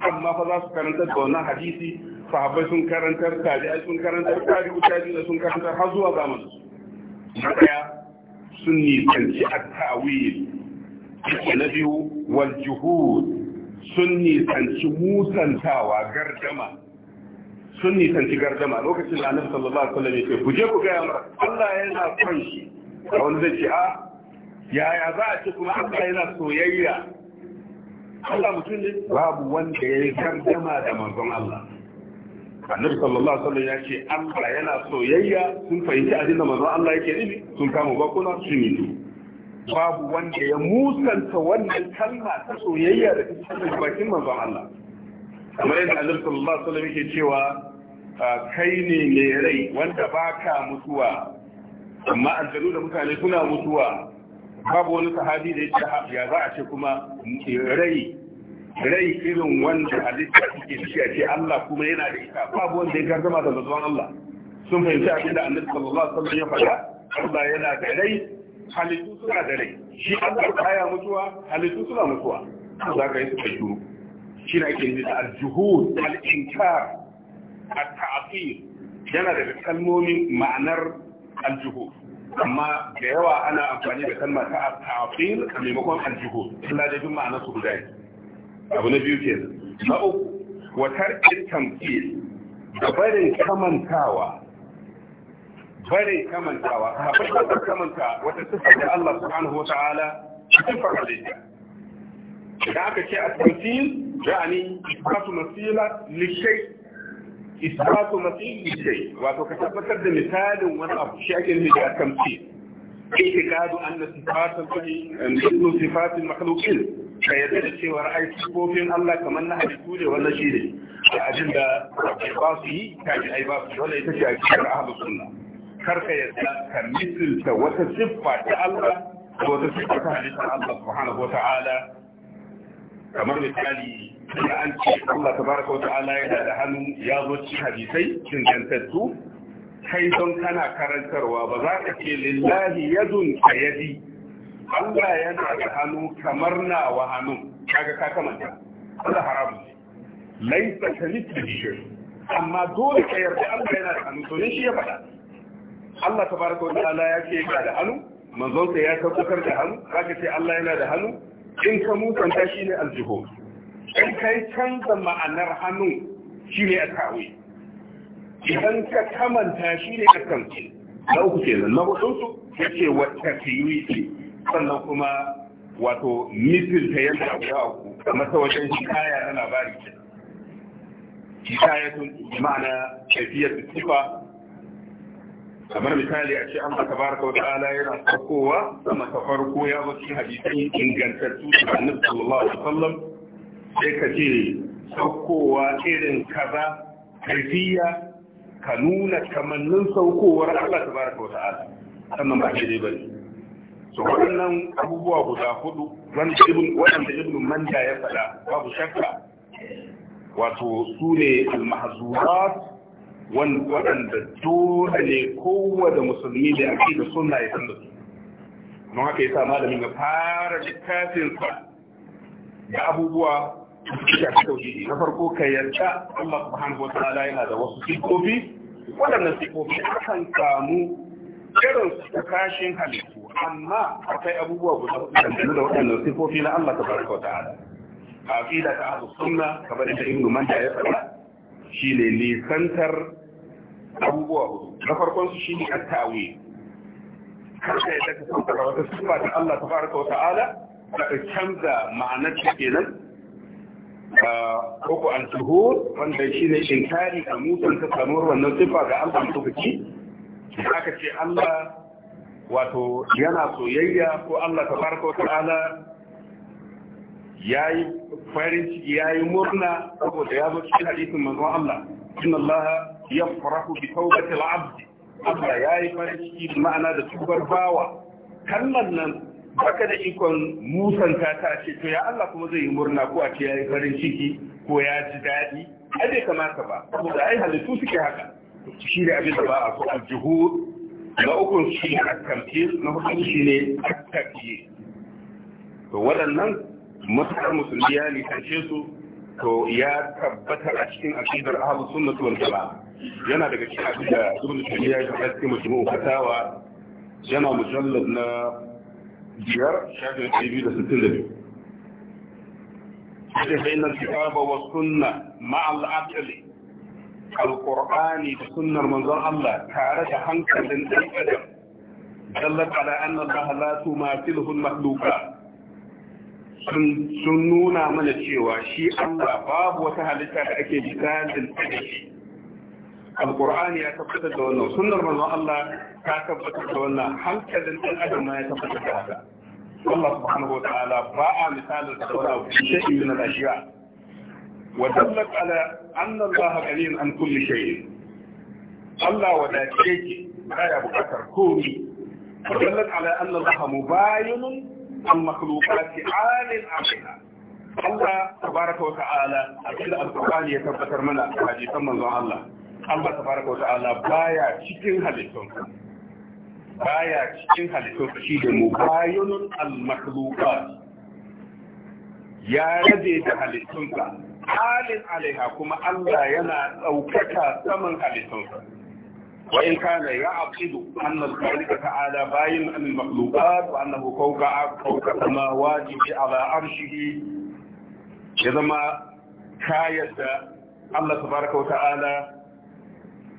Speaker 1: amma fa za su karanta da wannan hadisi sahabbai sun karantar tabi'ai sun karantar tabi'u tabi'u sun karantar har zuwa zamanin su na daya sun nisanci at-ta'wil na biyu wal juhud sun nisanci musantawa gardama sun nisanci gardama lokacin da annabi sallallahu alaihi wasallam ya ce ku je ku ga yamma Allah yana son shi a zai ce a ah, yaya za a ce kuma Allah yana soyayya Allah mutum ne babu wanda ya yi gardama da manzon Allah annabi sallallahu alaihi wasallam ya ce Allah yana soyayya sun fahimci abin da manzon Allah yake nufi sun kama bakuna sun yi babu wanda ya musanta wannan kalma ta soyayya da ta cikin bakin manzon Allah kamar yadda annabi sallallahu alaihi wasallam yake cewa kai ne mai rai wanda baka mutuwa amma aljanu da mutane suna mutuwa babu wani sahabi da ya ya za a ce kuma rai rai irin wanda halitta suke shi a ce Allah kuma yana da ita babu wanda ya gargama da zuwan Allah sun fahimci abin da annabi sallallahu alaihi wasallam ya faɗa Allah yana da rai halittu suna da rai shi Allah baya mutuwa halittu suna mutuwa za ka yi su fahimci shi ne ake nufi da al at yana da kalmomin ma'anar al amma da yawa ana amfani da kalmar ta tafil a maimakon aljihu Allah da bin ma'anar su guda abu na biyu ke na uku watar tamfil da barin kamantawa barin kamantawa a haɓar kamanta wata siffar da Allah subhanahu wa Ala, a siffar halitta idan aka ce a tamfil yani kasu masila lishai isbatu matsayi ce. wato ka tabbatar da misalin wani abu shi ake nufi da tamthil itikadu anna sifatul lahi mithlu sifatil makhluqin ka yadda da cewa ai sifofin Allah kamar na halittu ne wannan shi ne da abin da ba su yi ta ji ai ba su wannan ita ce akidar ahlus sunna kar ka yadda ka misalta wata siffa ta Allah ko wata siffa ta halittar Allah subhanahu wa ta'ala kamar misali da an ce Allah ta baraka wata ala yana da hannu ya zo ci hadisai gantattu kai don kana karantarwa ba za ka ce lillahi yadun ka yadi Allah yana da hannu kamar na wa hannu kaga ka kamanta Allah haramu ne ka mithlihi shay amma dole ka yarda Allah yana da hannu to ne shi ya faɗa Allah ta baraka wata ala ya ce yana da hannu manzon ya tabbatar da hannu Za ka ce Allah yana da hannu in ka mutanta ne aljihu. in kai canza ma'anar hannu shi ne a tawi idan ka kamanta shi ne a kamci na uku ke zan na hudunsu ya ce wata fiye ce sannan kuma wato mitin ta yadda a ya uku kamar ta wajen shikaya na labari ce
Speaker 2: shikayatun
Speaker 1: ma'ana tafiyar da sifa kamar misali a ce an ba ka wata ala yana saukowa sama ta farko ya wasu cikin hadisi ingantattu da annabi sallallahu alaihi wasallam sai ka ce saukowa irin kaza kaifiya ka nuna kamannin saukowar Allah ta baraka wata ala sannan ba shi ba ne su waɗannan abubuwa guda hudu waɗanda ibn manja ya faɗa babu shakka wato su ne almahzurat waɗanda dole ne kowane musulmi da ake da suna ya san da su don haka sa malamin ya fara littafinsa da abubuwa na farko ka yarda Allah subhanahu wataala yana da wasu sifofi waɗannan sifofi akan samu irin su kashin halittu amma akwai abubuwa guda dangane da waɗannan sifofi na Allah tabaraka wataala a aqida ta ahlus sunna kamar da ibnu manda ya faɗa shine nisantar abubuwa hudu na farkon su shine at-ta'wil kar ka yarda ka san wata sifa ta Allah tabaraka wataala ka canza ma'anar ta kenan koko an tuho wanda shi ne inkari a mutan ta samuwar wannan sifa ga Allah mutafiki aka ce Allah wato yana soyayya ko Allah tabaraka wa ta'ala yayi farin ciki yi murna saboda ya zo cikin hadisin manzon Allah inna Allah yafrahu bi tawbati al-abd Allah yayi farin ciki ma'ana da tubar bawa kallan nan baka da ikon musanta ta ta ce to ya Allah kuma zai yi murna ko a ce ya yi farin ciki ko ya ji daɗi ai bai kamata ba saboda ai halittu suke haka shi ne abin da ba a so aljuhur na ukun shi ne akamfir na shi ne akafiye to waɗannan matuƙar musulmi ya nisance su to ya tabbatar a cikin aqidar ahlus sunnah wal jamaa yana daga cikin abin da ibn taymiya ya faɗa cikin mutum fatawa yana mujallar na biyar shafin ɗari biyu da sittin da biyu sai sai na kitaba wa sunna ma'al al alqur'ani da sunnar manzon Allah tare da hankalin ɗan adam dallat ala anna Allah la tumathiluhu al-makhluqat sun nuna mana cewa shi Allah babu wata halitta da ake misalin da shi القرآن يتفتد دونا سنة من الله كتفتد دونا هل كذن الأدم ما يتفتد هذا الله سبحانه وتعالى راى مثال الصلاة في شيء من الأشياء ودلت على أن الله قليل عن كل شيء الله ولا شيء لا يبقى تركوني ودلت على أن الله مباين عن مخلوقات عال عليها الله تبارك وتعالى أكيد القرآن يتبتر منها هذه ثم الله Allah tabaraka wata'ala baya cikin halittun baya cikin halittun shi da mubayinun al-makhluqat ya rage da halittunsa halin alaiha kuma Allah yana ɗaukaka saman halittunsa wa in kana ya aqidu anna al-khaliqa ta'ala bayin an al-makhluqat wa annahu fawqa fawqa samawati ala arshihi ya zama kayar da Allah tabaraka wa ta'ala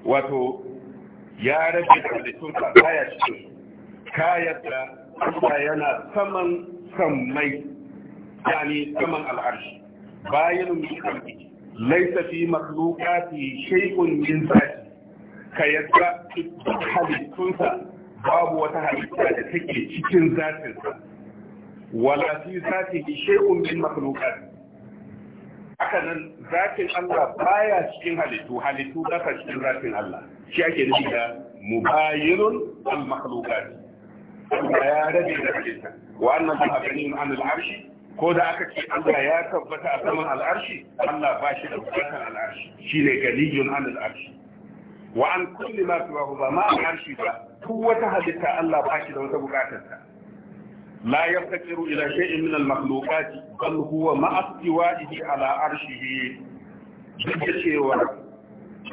Speaker 1: wato ya rage da halittunsa kaya cikin kayan da Allah yana saman sammai yani saman al'arshi bayan mutum laisa fi makhluqati shay'un min zati ka yadda halittunsa babu wata halitta da take cikin ka, wala fi zatihi shay'un min makhluqati haka nan zafin Allah baya cikin halittu halittu ba cikin zatin Allah shi ake nufi da mubayirun al-makhluqat Allah ya rabe da halitta wa annan ta'abinin an al-arshi ko da aka ce Allah ya tabbata a saman al-arshi Allah ba shi da bukatar al-arshi shine galiyun an al-arshi wa an kulli ma ba ma al-arshi ba duk wata halitta Allah ba shi da wata bukatar لا يفتقر إلى شيء من المخلوقات بل هو مع استوائه على عرشه duk cewa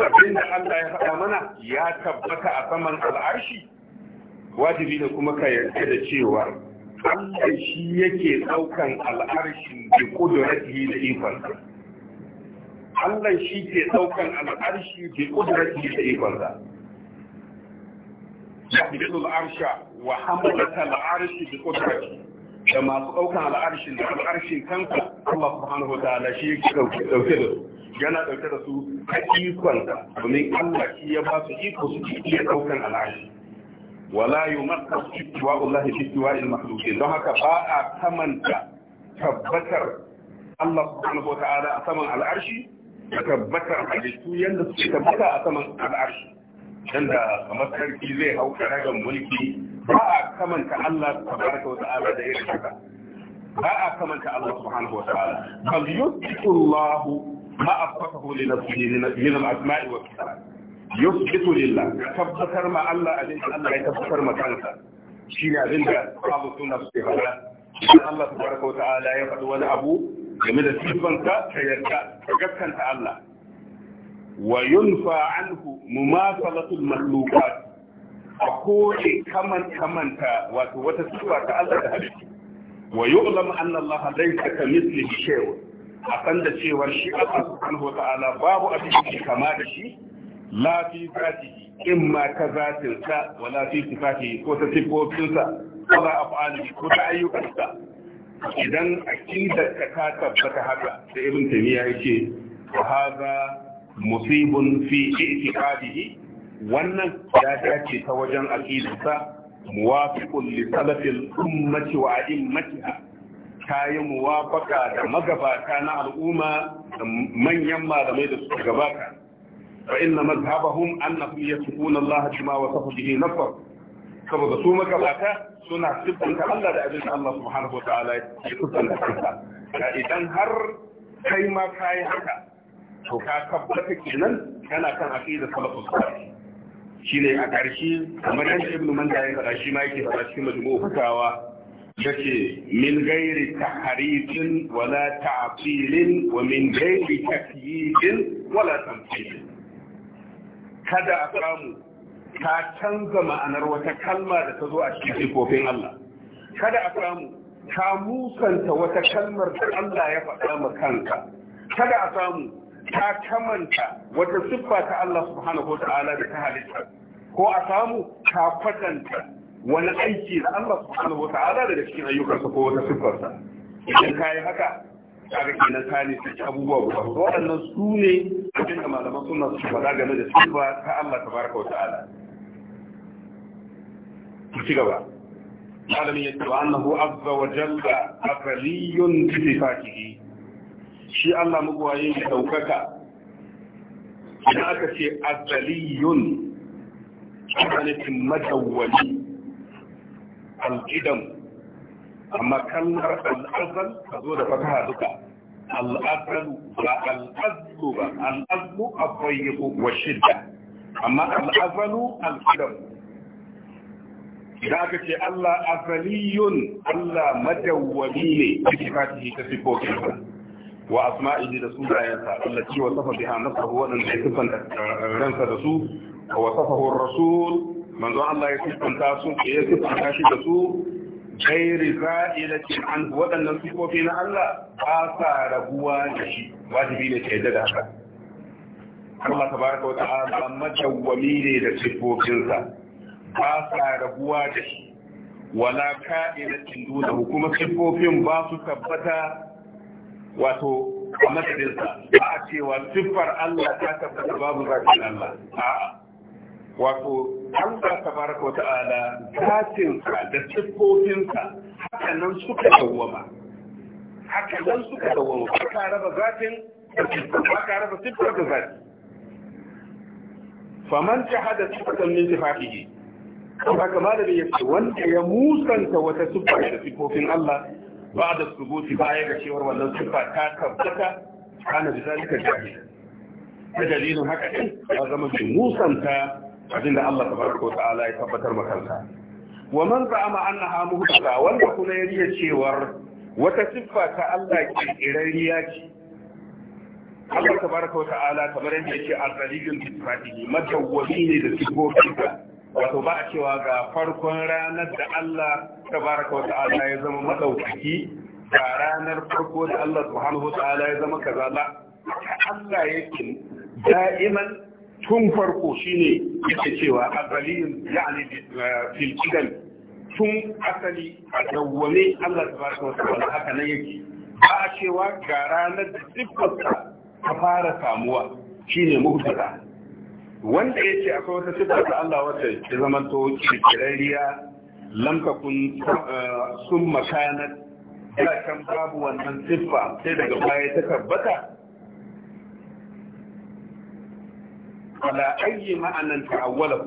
Speaker 1: abin da Allah ya faɗa mana ya tabbata a saman al'arshi wajibi da kuma ka yarda da cewa Allah shi yake ɗaukan al'arshi da ƙudurati da ke da ya fi wa hamalata al'arshi bi qudrati da masu ɗaukan al'arshi da al'arshin kansa Allah subhanahu wa ta'ala shi yake ɗauke da su yana ɗauke da su a ikonsa domin Allah shi ya ba su iko su iya ɗaukan al'arshi wala yumakkar istiwa Allah fi wa al-makhluqin don haka ba a kamanta tabbatar Allah subhanahu wa ta'ala a saman al'arshi da tabbatar halittu yadda suke tabbata a saman al'arshi dan da kamar zai hau karagan mulki ba a kamanta Allah tabaraka wa ta'ala da irin haka ba a kamanta Allah subhanahu wa ta'ala bal yusbitu Allah ma afaqahu li nafsihi min al-asma'i wa sifat yusbitu lillah tabbatar ma Allah abin Allah ya tabbatar ma kansa shine abin da babu sunna su fara idan Allah tabaraka wa ta'ala ya faɗi wani abu game da sifanka ka yarda ka gaskanta Allah wa yunfa anhu mumasalatul makhluqat a Ka kaman kamanta wato wata sifa ta Allah da halittu wa yu'lam anna Allah laysa kamithlihi shay'un a san cewar shi Allah subhanahu wa ta'ala babu abin kama da shi la fi zatihi imma ka zatin sa wa la fi sifatihi ko ta sifofin sa ko la af'alihi ko ta ayyukansa. sa idan aqida ka tabbata haka sai irin taymiya yake wa hadha musibun fi i'tiqadihi wannan ya dace ta wajen aqidarsa muwafiqun li salafil ummati wa a'immatiha kayi muwafaka da magabata na al'umma da manyan malamai da suka gabata fa inna mazhabahum annahum yasifuna Allah bima wasafa bihi nafsuhu saboda su magabata suna siffanta Allah da abin da Allah subhanahu wa ta'ala ya siffanta kansa idan har kai ma kayi haka to ka tabbata kenan kana kan aqida salafus salih shine a ƙarshe kamar yadda ibnu manda ya faɗa shi ma yake faɗa cikin majmu'u fatawa yace min gairi tahrifin wala ta'tilin wa min gairi takyidin wala tamthil kada a samu ka canza ma'anar wata kalma da ta zo a cikin sifofin Allah kada a samu ka musanta wata kalmar da Allah ya faɗa ma kanka kada a samu ta kamanta wata siffa ta Allah subhanahu wa ta'ala da ta halitta ko a samu ta kwatanta wani aiki na Allah subhanahu wa ta'ala daga cikin ayyukansa ko wata siffarsa idan ka yi haka kaga kenan ka ne ta abubuwa guda to waɗannan su ne abin da malaman sunna su faɗa game da siffa ta Allah tabaraka wa ta'ala ku ci gaba malamin ya ce wa annahu azza wa jalla azaliyun bi sifatihi shi Allah mugwaye ya daukaka idan aka ce azaliyun ana nufin madawwali al'idam amma kalmar al'azal ka zo da fataha duka al'azalu ba al'azlu ba al'azlu afayyaku wa shidda amma al'azalu al'idam idan aka ce Allah azaliyun Allah madawwali ne a kifatihi ta ba. wa asma'ihi da sunayensa Allah ci wa safa biha nafsahu wannan da yake sanda ransa da su wa safahu ar-rasul manzo Allah ya sifanta su ya sifanta shi da su ghairi za'ilati an wadannan sifofi na Allah ba sa rabuwa da shi wajibi ne ka yadda da haka Allah tabaraka wa ta'ala madawwami ne da sifofinsa ba sa rabuwa da shi wala ka'ilatin dunahu kuma sifofin ba su tabbata wato a matsadinsa ba a cewa siffar Allah ta tabbata babu zafin Allah a'a wato Allah tabaraka wa ta'ala zatinsa da siffofinsa haka nan suka dawwama haka nan suka dawwama ba ka raba zatin ba ka raba siffar da zati faman jahada sifatan min sifatihi haka malamin ya ce wanda ya musanta wata siffa da siffofin Allah ba da subuti baya ga cewar wannan sifa ta tabbata kana da zalika jahil ta dalilin haka din ya zama bai musanta abinda Allah tabaraka wa ta'ala ya tabbatar maka kansa wa man za'ama annaha muhdatha wanda kuma ya riya cewar wata siffa ta Allah ke irariya Allah kamar yadda yake a dalilin sifatihi madawwami ne da sifofinsa wato ba a cewa ga farkon ranar da Allah tabaraka wa ta'ala ya zama madaukaki ga ranar farko da Allah subhanahu wa ta'ala ya zama kaza ba Allah yake da'iman tun farko shine yake cewa azaliyin yani fil qadam tun asali a dawwame Allah tabaraka wa ta'ala haka nan yake ba a cewa ga ranar da siffarsa ta fara samuwa shine muhtara wanda ya ce akwai wata sifa ta Allah wata ya zama to kirkirariya lamka kun eh, sun makanat da kan babu wannan siffa sai daga baya ta tabbata ala ayyi ma'anan ta'awwalahu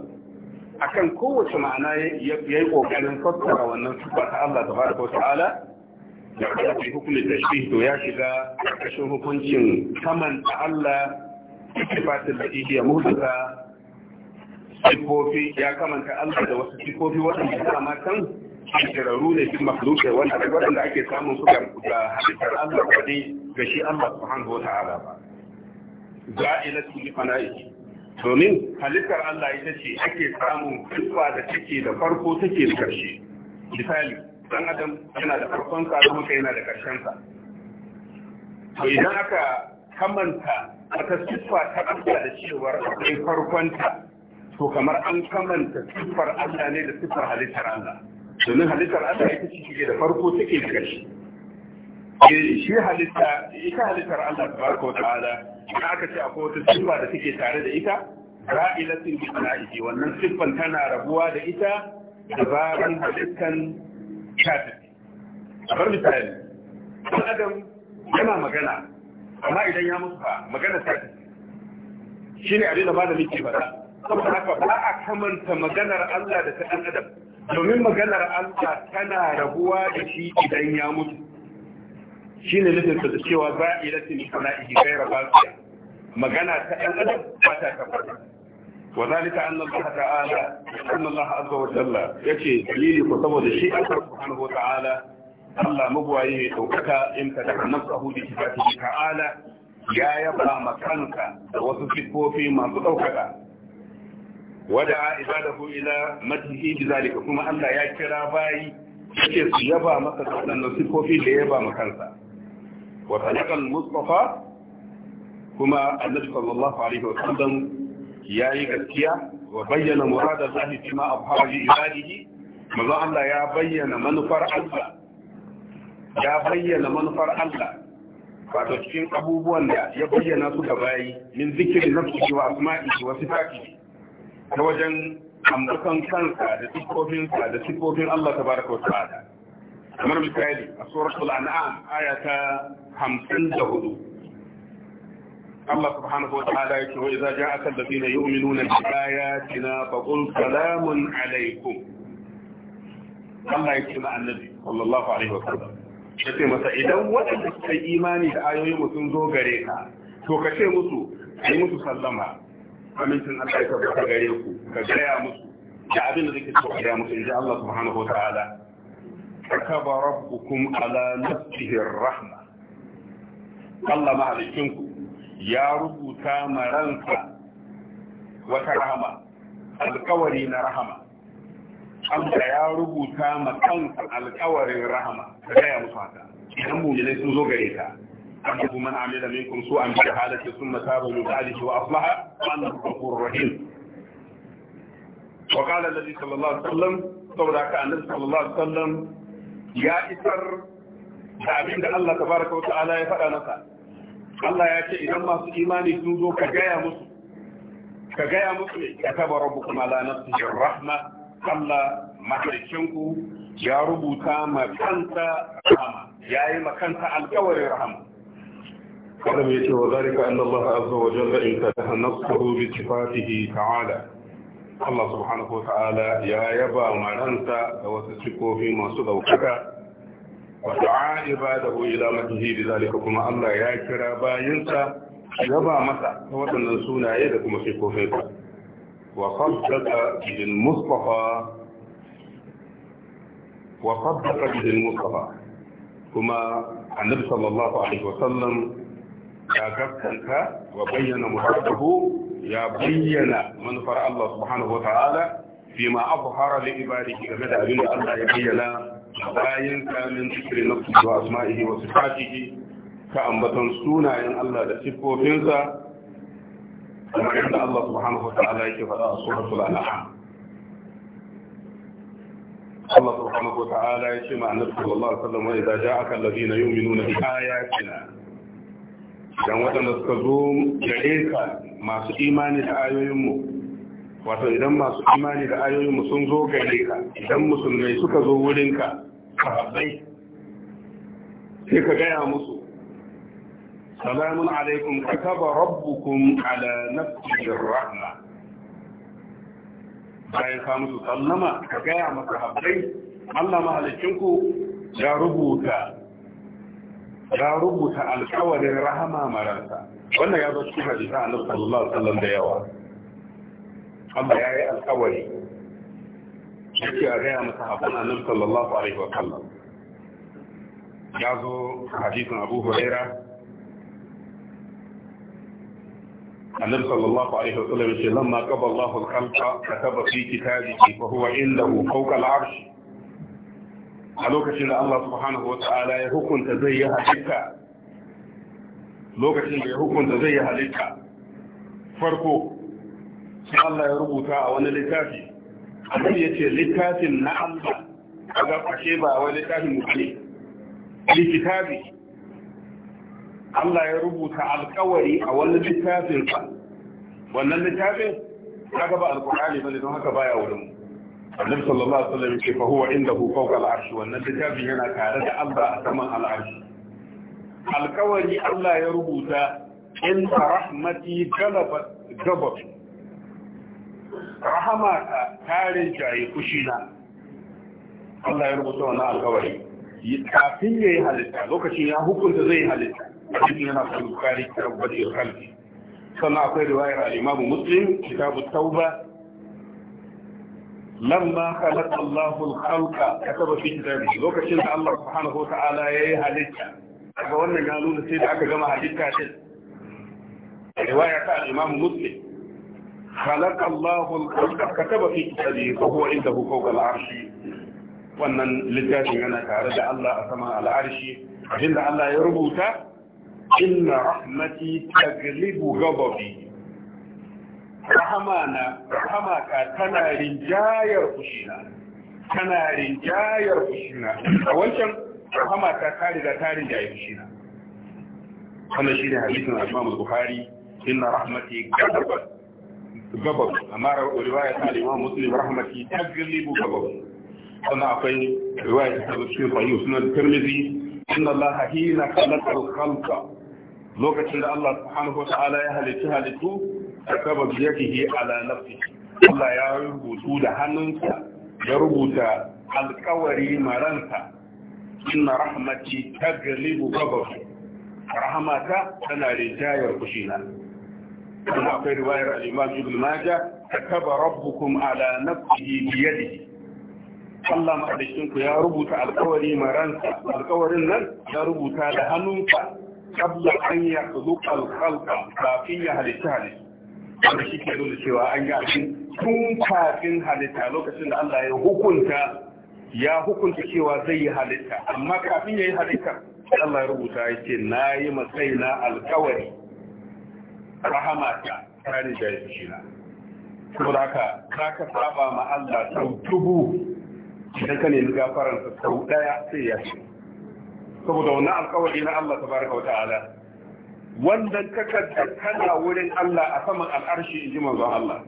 Speaker 1: akan kowace ma'ana ya yi kokarin fassara wannan siffa ta Allah tabaraka wa ta'ala da kuma hukumin tashbih to ya shiga kashin hukuncin kamanta Allah sifatin da iya mutuka sifofi ya kamanta Allah da wasu sifofi waɗanda ma matan shirarru ne fi makhluke wanda waɗanda ake samun su ga halittar Allah waɗi ga shi Allah hango ta ala ba za'ilatu fana fana'ihi domin halittar Allah ita ce ake samun siffa da take da farko take da ƙarshe misali ɗan adam yana da farkonsa kuma yana da karshensa to idan aka kamanta wata siffa ta Allah da cewar akwai farkonta to kamar an kamanta siffar Allah ne da siffar halittar Allah domin halittar Allah ita ce take da farko take da ƙarshe eh, shi halitta ita halittar Allah ta tabaraka wa ala, idan aka ce akwai wata siffa da take tare da ita ra'ilatin bi sana'ihi wannan siffan tana rabuwa da ita da dabaran halittan kafin kamar misali ɗan adam yana magana amma idan ya mutu fa magana ta shi ne abin da ba malami ke faɗa saboda haka ba a kamanta maganar Allah da ta ɗan adam domin maganar Allah tana rabuwa da shi idan ya mutu shi ne nufin da cewa za a yi latin sana'i gaira ba magana ta ɗan adam ba ta tabbata وذلك أن الله تعالى أن الله عز وجل يكي دليل فصوى الشيء سبحانه وتعالى Allah mabuwaye ya ɗaukaka in ka daga nafsahu da kitabihi ta'ala ya yaba makanka da wasu siffofi masu ɗaukaka wada ibadahu ila madhihi bizalika kuma Allah ya kira bayi yake su yaba masa da waɗannan siffofi da yaba makansa wa talaqal mustafa kuma annabi sallallahu alaihi wa sallam yayi gaskiya wa bayyana murada zahi fi ma abhara ibadihi manzo Allah ya bayyana manufar Allah ya bayyana manufar Allah wato cikin abubuwan da ya bayyana su ga bayi min zikiri na nafsihi wa asma'ihi wasu sifatihi ta wajen ambaton kansa da sifofinsa da sifofin Allah Ta tabaraka wa ta'ala kamar misali a suratul an'am aya ta 54 Allah subhanahu wa ta'ala yake wa idza ja'aka alladhina yu'minuna bi ayatina faqul salamun alaykum Allah ya ce ma annabi sallallahu alaihi wa sallam ya ce masa idan waɗanda suka yi imani da ayoyin mu sun zo gare ka to ka ce musu yi musu sallama amincin Allah ya tabbata gare ku ka gaya musu da abin da zai so ka gaya musu inji Allah subhanahu wa ta'ala kataba rabbukum ala nafsihi rahma Allah mahalicin ku ya rubuta maransa wata rahama alkawari na rahama Allah ya rubuta ma kansa alƙawarin rahama ka gaya musu haka idan mu'minai sun zo gare ka أنه من عمل منكم سوءا بجهالة ثم تاب من بعده وأصلح فأنه غفور رحيم وقال النبي صلى الله عليه وسلم saboda haka annabi sallallahu alaihi wasallam ya isar da abin da Allah tabaraka wa ta'ala ya faɗa masa Allah ya ce idan masu imani sun zo ka gaya musu ka gaya musu ne ka taba rabbukum ala nafsihi rahma Allah madarkinku ya rubuta makanta rahama ya makanta alkawarin rahma. Kada mai cewa zarika an Allah azza wa jalla in ka ta nasu bi sifatihi ta'ala. Allah subhanahu wa ta'ala ya yaba maranta da wasu sifofi masu daukaka wa du'a ibadahu ila madhihi bidhalika kuma Allah ya kira bayinsa yaba masa ta wadannan sunaye da kuma sifofin sa. وصدق به المصطفى وصدق به المصطفى كما النبي صلى الله عليه وسلم يا غسكنك وبين مرده يا بين منفر الله سبحانه وتعالى فيما أظهر لعباده فبدأ بما الله يبين باينك من ذكر نفسه وأسمائه وصفاته كأنبة سونا أن الله لسفه فينسى kamar yadda Allah subhanahu wa ta'ala yake faɗa a suratul al-an'am الله سبحانه وتعالى يشمع النبي صلى الله عليه وسلم وإذا جاءك الذين يؤمنون بآياتنا dan wadanda suka zo gare ka masu imani da mu, wato idan masu imani da mu sun zo gare ka idan musulmai suka zo wurinka sahabbai sai ka gaya musu salamun alaikum kataba rabbukum ala nafsihi rahma bayan ka musu sallama ka gaya masa habbai Allah mahalicinku ya rubuta ya rubuta alkawarin rahama maransa wannan ya zo cikin hadisa annabi sallallahu alaihi wasallam da yawa Allah ya yi alkawari ce a gaya masa a annabi sallallahu alaihi wasallam ya zo hadisin Abu Hurairah annabi sallallahu alaihi wa sallam yace lamma qaba Allahu al-khalqa kataba fi kitabihi fa huwa indahu fawqa al-arsh a lokacin da Allah subhanahu wa ta'ala ya hukunta zai yi halitta lokacin da ya hukunta zai yi halitta farko sai Allah ya rubuta a wani littafi annabi yace littafin na Allah ba wani littafin Allah ya rubuta alkawari a wani littafin ka wannan littafin ya gaba alkur'ani ne, don haka baya wurin annabi sallallahu alaihi wasallam ce fa huwa indahu fawqa al'arshi wannan littafin yana tare da Allah a saman al'arshi alkawari Allah ya rubuta in rahmati galabat gabab rahama ta tarin jaye kushina Allah ya rubuta wannan alkawari kafin ya yi halitta lokacin ya hukunta zai yi halitta حدثنا عبد البخاري كتاب بدء الخلق صنع في رواية الإمام مسلم كتاب التوبة لما خلق الله الخلق كتب في كتابه لو كشنت الله سبحانه وتعالى يهي حديثة أقولنا قالوا لسيد عكا جمع حديثة كاتل رواية الإمام مسلم خلق الله الخلق كتب في كتابه وهو عنده فوق العرش wannan littafin yana tare da Allah a sama al'arshi abinda Allah ya rubuta إن رحمتي تغلب غضبي رحمانا رحمك تنا رنجاير فشينا تنا رنجاير فشينا أولاً رحمك تارد تارد جاير فشينا هذا شيء حديثنا الإمام البخاري إن رحمتي غضب غضب أما رواية الإمام مسلم رحمتي تغلب غضبي أنا أقول رواية هذا الشيخ صحيح الترمذي إن الله حين خلق الخلق lokacin da Allah subhanahu wata'ala ya halitta halittu kataba bi yadihi ala nafsihi Allah ya rubutu da hannunsa ya rubuta alkawari maransa inna rahmati taglibu ghadabi rahmata tana rijayar kushina kuma akwai riwayar al-Imam Ibn Majah kataba rabbukum ala nafsihi bi yadihi Allah madaukin ya rubuta alkawari maransa alkawarin nan ya rubuta da hannunsa kabla an ya zuƙa alƙalƙa kafin ya halitta halitta wanda shi ke nuna cewa an yi abin tun kafin halitta lokacin da Allah ya hukunta ya hukunta cewa zai yi halitta amma kafin ya yi halitta Allah ya rubuta ya ce na yi matsayi na alkawari rahamata tare da shi na saboda haka za ka saba ma Allah sau dubu idan ka nemi gafaransa sau ɗaya sai ya ce saboda wannan alkawari na Allah tabaraka wa ta'ala wannan takarda kana wurin Allah a saman al'arshi in ji manzon Allah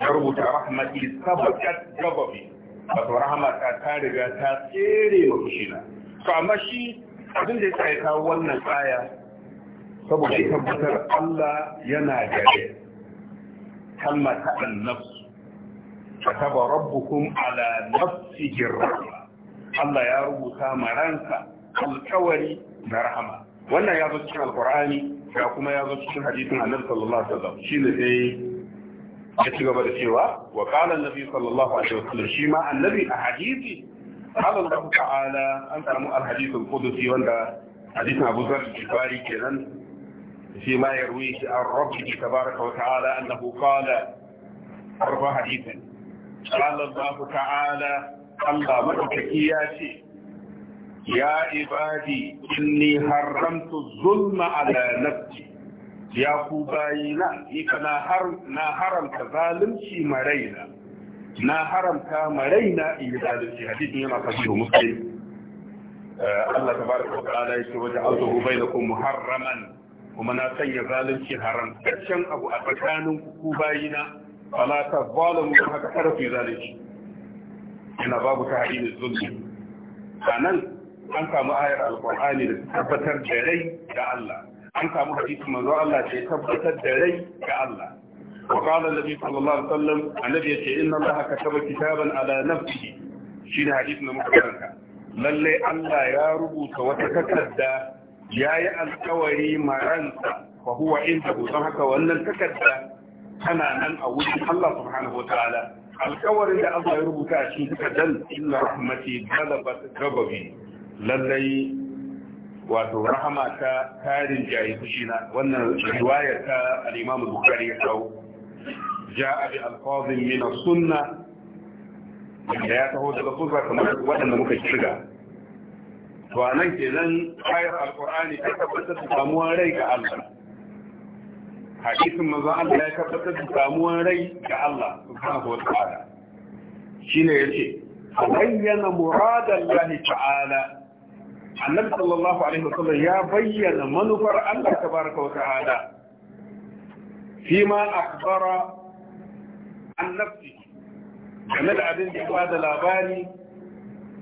Speaker 1: ya rubuta rahmati sabakat gababi wato rahama ta ta riga ta tsere wa na. to amma shi abin da ya kawo wannan tsaya saboda tabbatar Allah yana gare kalma ta annabsu kataba rabbukum ala nafsihi rahma Allah ya rubuta maranka alkawari da rahama wannan ya zo cikin alkur'ani ya kuma ya zo cikin hadisin annabi sallallahu alaihi wasallam shine sai ya ci gaba da cewa wa qala annabi sallallahu alaihi wasallam shi ma annabi a hadisi qala Allah ta'ala an samu alhadith alqudsi wanda hadisin Abu Zar bukhari kenan shi ma ya ruwi shi an rabbi tabaraka wa ta'ala annahu qala arba hadithan qala Allah ta'ala Allah madaukaki ya ce يا عبادي إني حرمت الظلم على نفسي يا كوباينا إكنا حرم نا حرم كظالم شي مرينا نا حرم كمرينا إن ذلك حديث من صحيح مسلم آه، الله تبارك وتعالى وجعلته بينكم محرما ومن أتي ظالم شي حرم abu أبو tsakanin كوباينا فلا fala ta zalamu haka karfi zalunci ina babu ta an samu ayar alkur'ani da tabbatar da rai ga Allah an samu hadisin manzo Allah da tabbatar da rai ga Allah wa qala annabi sallallahu alaihi wasallam annabi yace inna Allah kataba kitaban ala nafsihi shine hadisin da muka karanta lalle Allah ya rubuta wata takarda yayi alkawari maransa fa huwa inda don haka wannan takarda tana nan a wurin Allah subhanahu wataala alkawarin da Allah ya rubuta a cikin takardar inna rahmati galabat gababi lallai wato rahama ta tarin jayi kushina wannan riwaya ta al-Imam Bukhari ya kawo ja'a bi alfazin min as-sunnah da ya taho daga kusa
Speaker 2: kamar waɗanda muka shiga
Speaker 1: to anan kenan ayar alqur'ani ta tabbatar da samuwar rai ga Allah Hakikin manzon Allah ya tabbatar da samuwar rai ga Allah subhanahu wa ta'ala shine yace bayyana muradallahi ta'ala annabi sallallahu alaihi wasallam ya bayyana manufar Allah tabaraka wa ta'ala ma akhbara an nafsi game da abin da ba da labari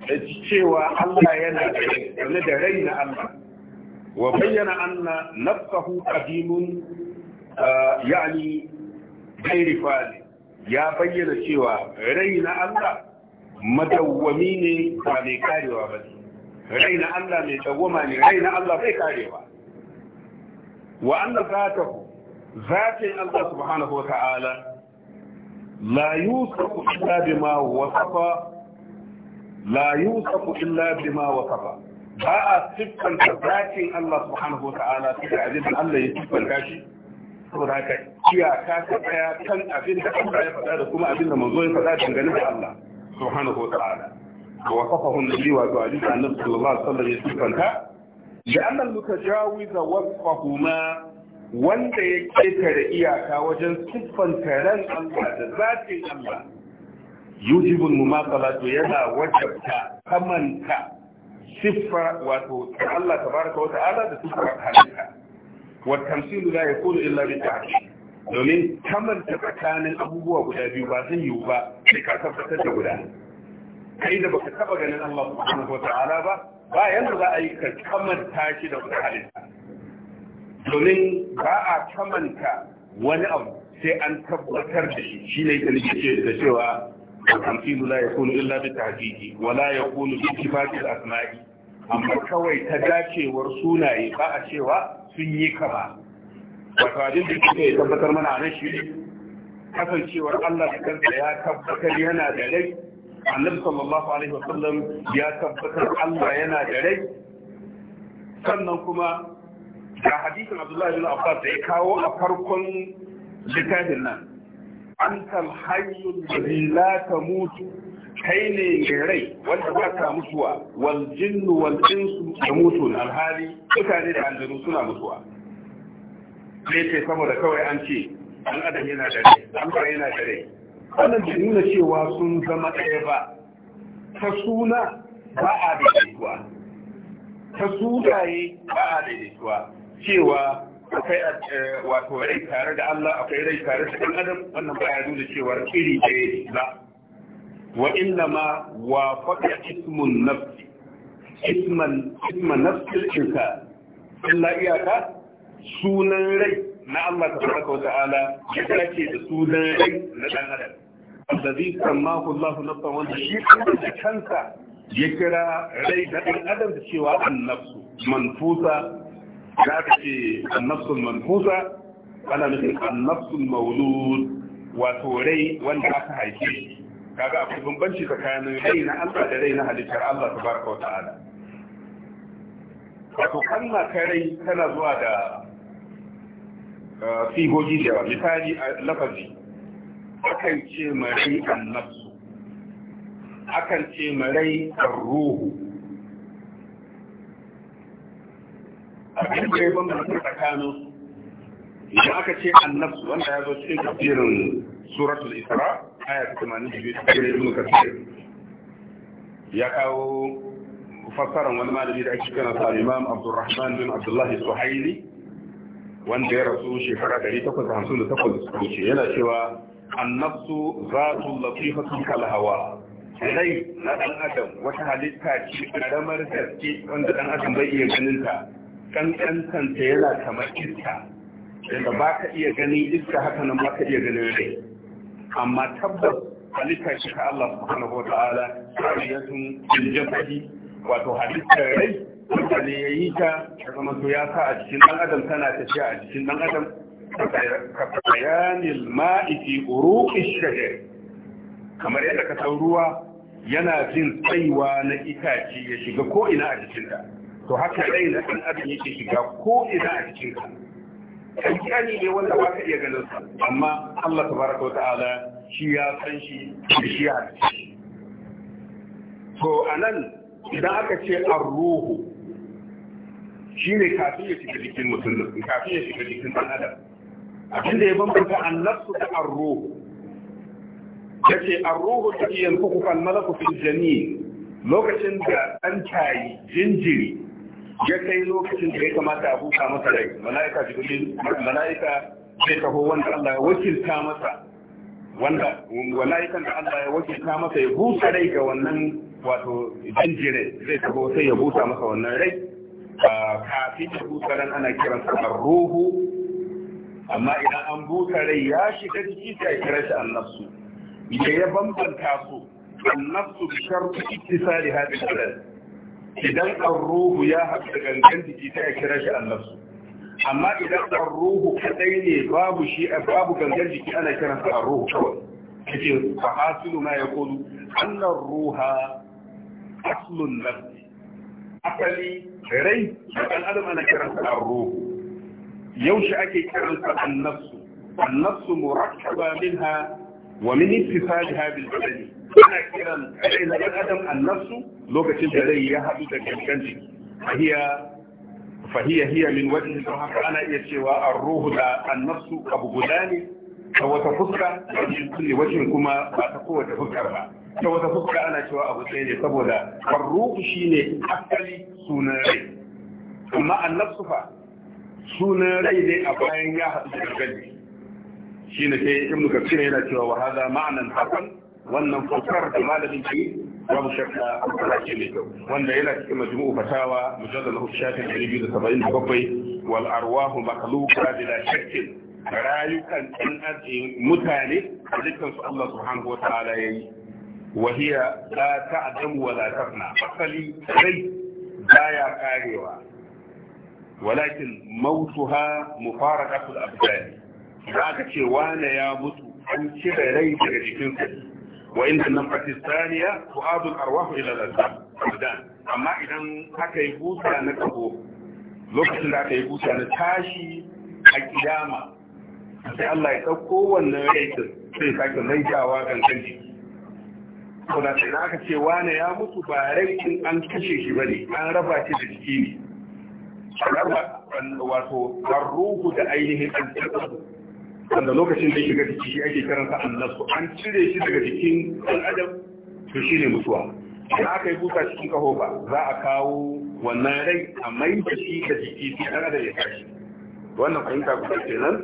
Speaker 1: da cewa Allah yana game da rai na Allah wa bayyana anna nafsahu qadimun ah, yani ghairi fali ya bayyana cewa rai na Allah madawwami ne ba mai karewa ba ne rai na Allah mai dawwama ne rai na Allah zai karewa wa anna zatahu zatin Allah subhanahu wa ta'ala la yusafu illa bima wasafa la yusafu illa bima wasafa ba a siffanta zatin Allah subhanahu wa ta'ala sai da abin Allah ya siffanta shi saboda haka iyaka ta tsaya kan abin da Allah ya faɗa da kuma abin da manzo ya faɗa dangane da Allah subhanahu wa ta'ala وصفه النبي وأبعد عن النبي صلى الله عليه وسلم يسفنها لأن المتجاوز وصفهما wanda ya ƙetare iyaka wajen siffanta ran Allah da zafin Allah yujibul mumasala to yana wajabta kamanta siffa wato Allah tabaraka wa da siffar halitta domin kamanta tsakanin abubuwa guda biyu ba zai yiwu ba sai ka tabbatar da guda kai da baka taba ganin Allah subhanahu wata'ala ba ba yanda za a yi ka kamanta shi da wata halitta domin ba a kamanta wani abu sai an tabbatar da shi shi ne kan ce da cewa tamthilu la yakunu illa bi tahqiqi wa la yakunu bi sifati al-asma'i amma kawai ta dacewar sunaye ba a cewa sun yi kama wato abin da kike tabbatar mana a nan shi kasancewar Allah da kansa ya tabbatar yana da laifi. annabi sallallahu alaihi wasallam ya tabbatar Allah yana da rai sannan kuma ga hadisin Abdullahi bin Abbas da ya kawo a farkon littafin nan anta al-hayyul ladhi la tamutu kai ne mai rai wanda ba ta mutuwa wal jinnu wal insu da mutun alhali mutane da aljanu suna mutuwa sai ce saboda kawai an ce an adam yana da rai an yana da rai wannan da nuna cewa sun zama ɗaya ba ta suna ba a daituwa ta sunaye ba a daituwa cewa akwai eh, wato rai tare da Allah akwai rai tare da ɗan adam wannan ba ya nuna cewa iri ɗaya ne ba wa inna ma wa faɗa ismun nafsi isman nafsi insa illa iyaka sunan rai na Allah Ta tabaraka wa ta'ala ya dace da sunan rai na dan adam allazi sammahu Allah nafsan wanda shi da kansa ya kira rai da dan adam da cewa annafsu manfusa za ta ce annafsul manfusa ana nufin annafsul maulud wato rai wanda aka haife shi kaga akwai bambanci tsakanin rai na Allah da rai na halittar Allah Ta tabaraka wa ta'ala wato kalma ta rai tana zuwa da sigogi da yawa misali a lafazi akan ce marai nafsu. akan ce marai ruhu A abin da ya bambanta tsakanin idan aka ce an nafsu wanda ya zo cikin tafsirin suratul isra aya 82 cikin ibn kasir ya kawo fassarar wani malami da ake kana sa imam abdurrahman bin abdullahi suhaili wanda ya rasu shekara 858 da wuce yana cewa annafsu zatu latifatu kal hawa rai na dan adam wata halitta ce karamar gaske wanda dan adam bai iya ganin ta kankantan yana kamar iska da ba ka iya ganin iska haka nan ba ka iya ganin rai amma tabbas halitta ce ta Allah subhanahu wa ta'ala sariyatun bil jasadi wato halittar rai mutane ya yi ta ya zama to ya sa a cikin ɗan adam tana tafiya a cikin ɗan adam ka bayanil ma'i fi uruqi shajar kamar yadda ka san ruwa yana jin tsaiwa na itace ya shiga ko ina a jikinta to haka rai na ɗan adam yake shiga ko ina a jikinka kankani ne wanda ba ka iya ganin sa amma Allah tabaraka wata'ala shi ya san shi da shi ya to anan idan aka ce ar-ruhu shi ne kafin ya shiga jikin mutum kafin ya shiga jikin ɗan adam abin da ya bambanta nasu da arruhu ya ce arruhu ta iya kan malaku fil jani lokacin da ɗan tayi jinjiri ya kai lokacin da ya kamata a buka masa rai mala'ika jibril mala'ika zai taho wanda Allah ya wakilta masa wanda mala'ikan da Allah ya wakilta masa ya busa rai ga wannan wato jinjire zai taho sai ya busa masa wannan rai kafin da busa ran ana kiransa ruhu. amma idan an busa rai ya shiga jiki sai a kira shi annafsu ya ya bambanta su annafsu bi shartu ittisali haɗin badal idan an ruhu ya haɗu da gangan jiki sai a kira shi annafsu amma idan an ruhu kadai ne babu shi babu gangan jiki ana kiransa arruhu kawai kace fa hasilu ma yaqulu anna arruha aslun nafsi asali rai da ɗan adam ana kiran an ruhu yaushe ake kiran an annasu an murakkaba minha wa min ittifaqha bil badani ana kiran rai na adam lokacin da rai ya haɗu da gangan jiki fahiya fahiya hiya min wajhi don haka ana iya cewa an ruhu da annasu abu guda ne ta wata fuska da kuma ba ta kowace fuskar ba ta wata fuska ana cewa abu sai ne saboda farruku shine asali sunan rai amma annabsu fa sunan rai ne a bayan ya haɗu da gaji shine sai ibnu kafir yana cewa wa hada ma'anan hasan wannan fasar da malamin ki babu shakka an fara ce mai kyau wanda yana cikin majmu'u fatawa mujallal hu shafin 277 wal arwahu makhluqa bila shakkin rayukan ɗan mutane a dukkan su Allah subhanahu wa ta'ala yayi wahiya la ta'damu wa la tafna asali rai baya karewa walakin mautuha mufaraqatul abdan za ka ce wane ya mutu an cire rai daga jikin wa inda nan pakistaniya tu'adul arwahu ila al-abdan amma idan aka yi busa na kabo lokacin da aka yi busa na tashi a Allah ya ɗauko wannan raikin sai sake laifawa gangan jiki saboda idan aka ce wane ya mutu ba rai in an kashe shi bane an raba shi da jiki ne raba wato ruhu da ainihin aljabu wanda lokacin da shiga jiki shi ake karanta annasu an cire shi daga jikin ɗan adam to shi ne mutuwa idan aka yi busa cikin kaho ba za a kawo wannan rai a mai da shi da jiki sai ɗan adam ya tashi wannan fahimta kuma kenan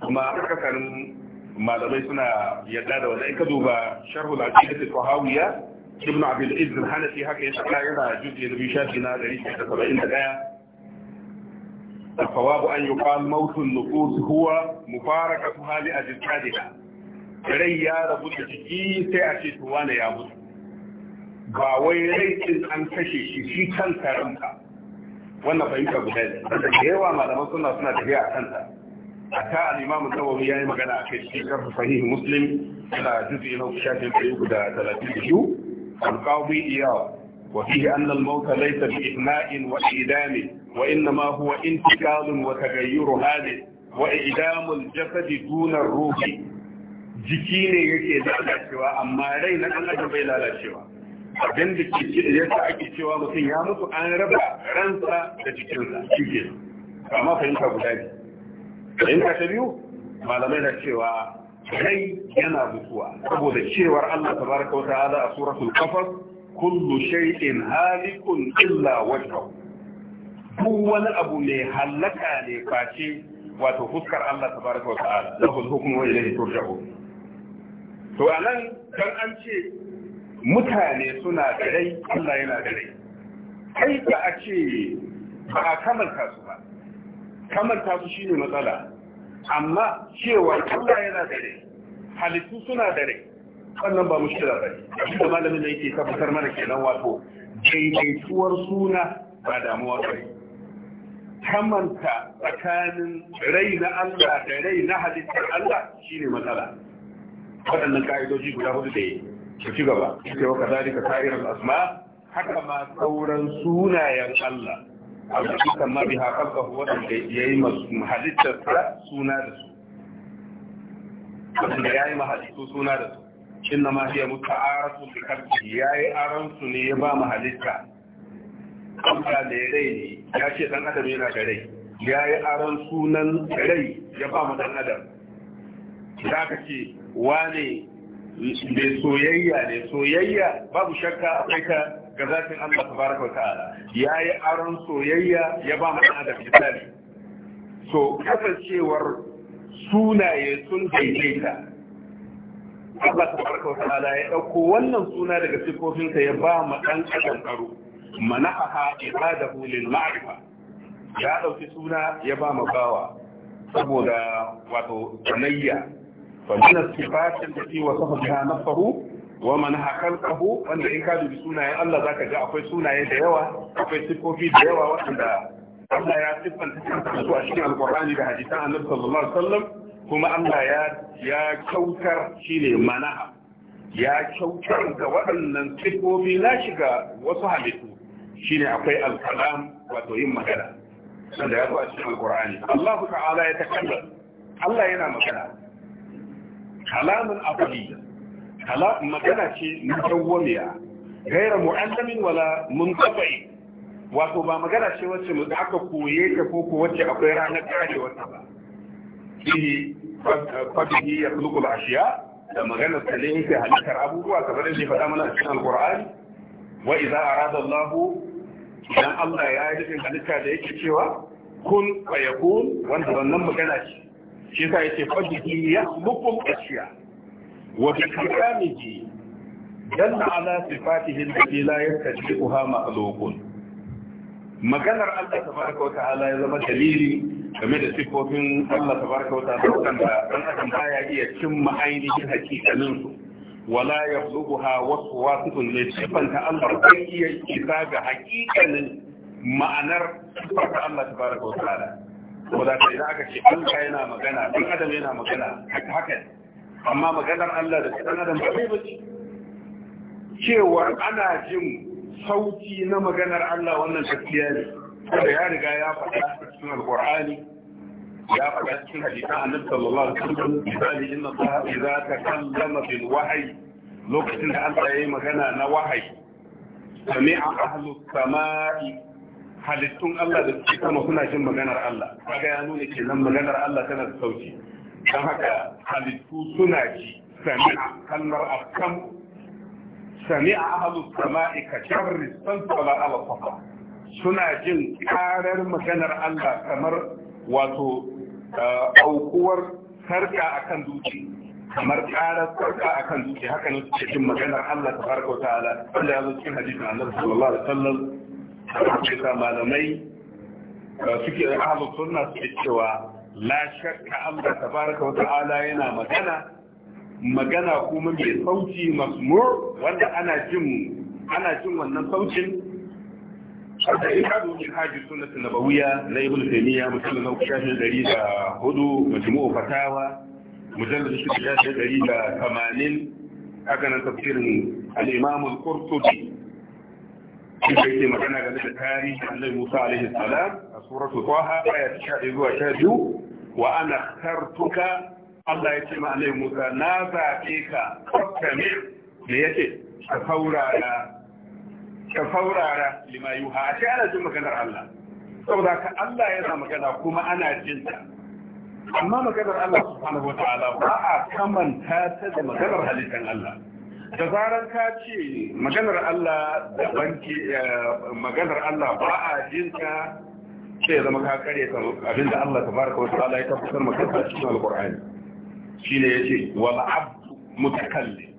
Speaker 1: kuma aka karin malamai suna yadda da wanda in ka duba sharhul aqidat al-fahawiya ibn abd al-izz al-hanafi haka ya saka yana juz'i na biyu shafi na 171 الصواب أن يقال موت النفوس هو مفارقتها لأجسادها rai ya rabu da jiki sai a ce tuwa ya mutu ba wai rai din an kashe shi shi kanka ranka wannan fahimta guda ne da yawa malamai suna suna tafiya a kanta aka al-imam an-nawawi yayi magana akai cikin sharh sahih muslim da juz'i na shafin 332 al-qadi iyad وفيه أن الموت ليس بإثناء وإدام وإنما هو wa وتغير هذا وإدام الجسد دون الروح jiki ne yake lalacewa amma rai na ɗan bai lalacewa abin da ya sa ake cewa mutum ya mutu an raba ransa da jikinsa shi ke amma fahimta guda biyu fahimta ta biyu malamai na cewa kai yana mutuwa saboda cewar Allah tabaraka wa ta'ala a suratul qafas kullu shay'in halikun illa wajhahu duk wani abu ne halaka ne face wato fuskar Allah tabaraka wa ta'ala lahul hukmu wa ilayhi turja'u to anan dan an ce mutane suna da rai Allah yana da rai kai ba a ce ba a kamar kasu ba ta su shine matsala amma cewa Allah yana da rai halittu suna da rai wannan ba mushkila ba ne abin da malamin da yake tabbatar mana kenan wato daidaituwar suna ba damuwa ba ne kamanta tsakanin rai na Allah da rai na halittar Allah shine matsala waɗannan ka'idoji guda hudu da ya ci gaba sai ka kazalika sa'irar asma haka ma sauran sunayen Allah allati kama biha khalqahu wa yayi halittar suna da su ya yi mahalittu suna da su inna ma hiya muta'aratu bi khalqi yayi aran su ne ya ba mu halitta Allah da ya rai ne ya ce ɗan adam yana da rai Ya yayi aran sunan rai ya ba mu dan adam za ka ce wane mai soyayya ne soyayya babu shakka akwai ka ga zafin Allah tabaraka wa ta'ala yayi aron soyayya ya ba mana da misali so kasancewar sunaye sun daidaita Allah tabaraka wa ta'ala ya ɗauko wannan suna daga sifofinsa ya ba ma dan adam aro manaha ibadahu lil ma'rifa ya ɗauki suna ya ba ma bawa saboda wato sanayya fa min sifatin da fi wasafa biha wa man hakalqahu wanda in ka dubi sunayen Allah zaka ga akwai sunaye da yawa akwai sifofi da yawa wanda Allah ya siffanta kansa su a cikin Alƙur'ani da hadisan Annabi sallallahu alaihi wasallam kuma Allah ya ya kautar shine manaha ya kyautar da waɗannan sifofi na shiga wasu halittu shine akwai al alkalam wato yin magana sanda ya zo a cikin qurani Allah ta'ala ya takallam Allah yana magana kalamun abadiyya Kala magana ce mutawwamiya gaira mu'allamin wala munqati wato ba magana ce wacce mu aka koye ta ko ko wacce akwai ranar karewar ta ba shi fadihi ya kulku ashiya da magana ta ne yake halittar abubuwa kamar yadda faɗa mana a cikin alqur'ani wa idza arada Allah idan Allah ya yi cikin halitta da yake cewa kun fayakun wanda wannan magana ce shi yasa yake fadihi ya kulku ashiya wa bi kalamihi dalla ala sifatihi allati la yastati'uha makhluqun maganar Allah tabaraka wa ta'ala ya zama dalili game da sifofin Allah tabaraka wa ta'ala wanda dan adam baya iya cimma ainihin hakikanin su wala wasu waswasitun ne sifanta Allah bai iya isa ga hakikanin ma'anar sifar Allah tabaraka wa ta'ala ko da idan aka ce Allah yana magana dan adam yana magana haka amma maganar Allah da kaɗan adam ba zai bace cewa ana jin sauti na maganar Allah wannan tafiya ne wanda ya riga ya faɗa cikin alƙur'ani ya faɗa cikin hadisan annabi sallallahu alaihi wasallam misali inna Allah idza takallama bil wahyi lokacin da Allah yayi magana na wahayi sami'a ahlus samai halittun Allah da suke sama suna jin maganar Allah kaga ya nuna kenan maganar Allah tana da sauti don haka halittu suna ji sami'a kalmar akam sami'a ahalu sama'i ka sharri sansala ala safa suna jin karar maganar Allah kamar wato eh, aukuwar sarka a kan dutse kamar karar sarka a kan dutse haka ne suke jin maganar Allah ta farko ta ta'ala wanda ya zo cikin hadisin Annabi sallallahu alaihi wasallam da malamai eh, suke ahlus suna suke cewa la shakka Allah tabaraka wa ta'ala yana magana magana kuma mai sauci masmur wanda ana jin ana jin wannan saucin da ikadu min haji sunnatu nabawiyya na ibnu taymiya mutum na shafin dari da hudu majmu'u fatawa mujallad shafin dari da tamanin haka nan tafsirin al-imam al-qurtubi kai ce magana game da tarihi annabi Musa alaihi salam a suratul Taha aya ta 11 zuwa 12 wa ana khartuka Allah ya ce ma annabi Musa na zabe ka kafame me yake ka saurara ka saurara lima yuha a ce ana jin maganar Allah saboda ka Allah yana magana kuma ana jin ta amma maganar Allah subhanahu wa ta'ala ba a kamanta ta da maganar halittar Allah da zarar ka ce maganar Allah daban ke eh, maganar Allah ba a jin ka sai zama ka kare ta abinda Allah tabaraka wa ta'ala ya tabbatar maka a cikin alqur'ani shine yace wal abdu mutakallim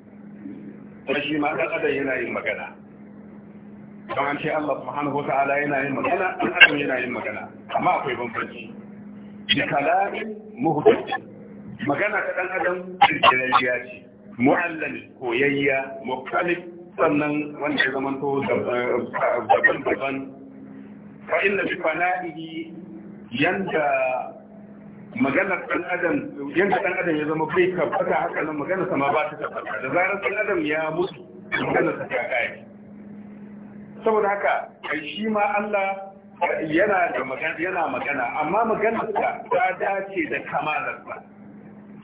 Speaker 1: sai shi ma dan adam yana yin magana don an ce Allah subhanahu wa ta'ala yana yin magana dan adam yana yin magana amma akwai bambanci bi kalamin muhdath magana ta dan adam kirkirarriya ce mu'allal koyayya mukallif sannan wanda ya zama to daban daban fa inna bi fana'ihi yanda maganar dan adam yanda dan adam ya zama bai tabbata haka nan maganar sama ba ta tabbata da zarar dan adam ya mutu maganar ta kai saboda haka kai shi ma Allah yana da magana yana magana amma maganar ta dace da kamalarsa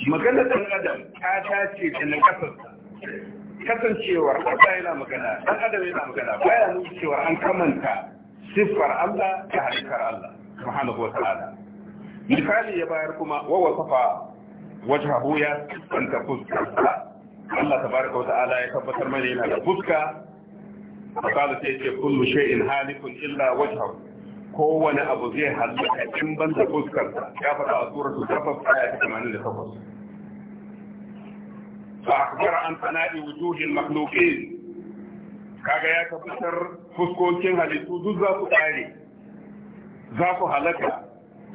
Speaker 1: maganar ɗan adam ta dace da na kasarsa kasancewar Allah yana magana ɗan adam yana magana baya nuna cewa an kamanta siffar Allah ta halittar Allah subhanahu wa ta'ala misali ya bayar kuma wa wasafa wajhahu ya santa fuska Allah ta tabaraka wa ta'ala ya tabbatar mana yana da fuska fa qala sai ce kullu shay'in halikun illa wajhahu kowane abu zai halatta in ban da fuskar ya faɗa a suratu takwas aya ta 88 fa akbar an sana'i wujuhil makhluqin kaga ya tabbatar fuskokin halittu duk za su kare za su halaka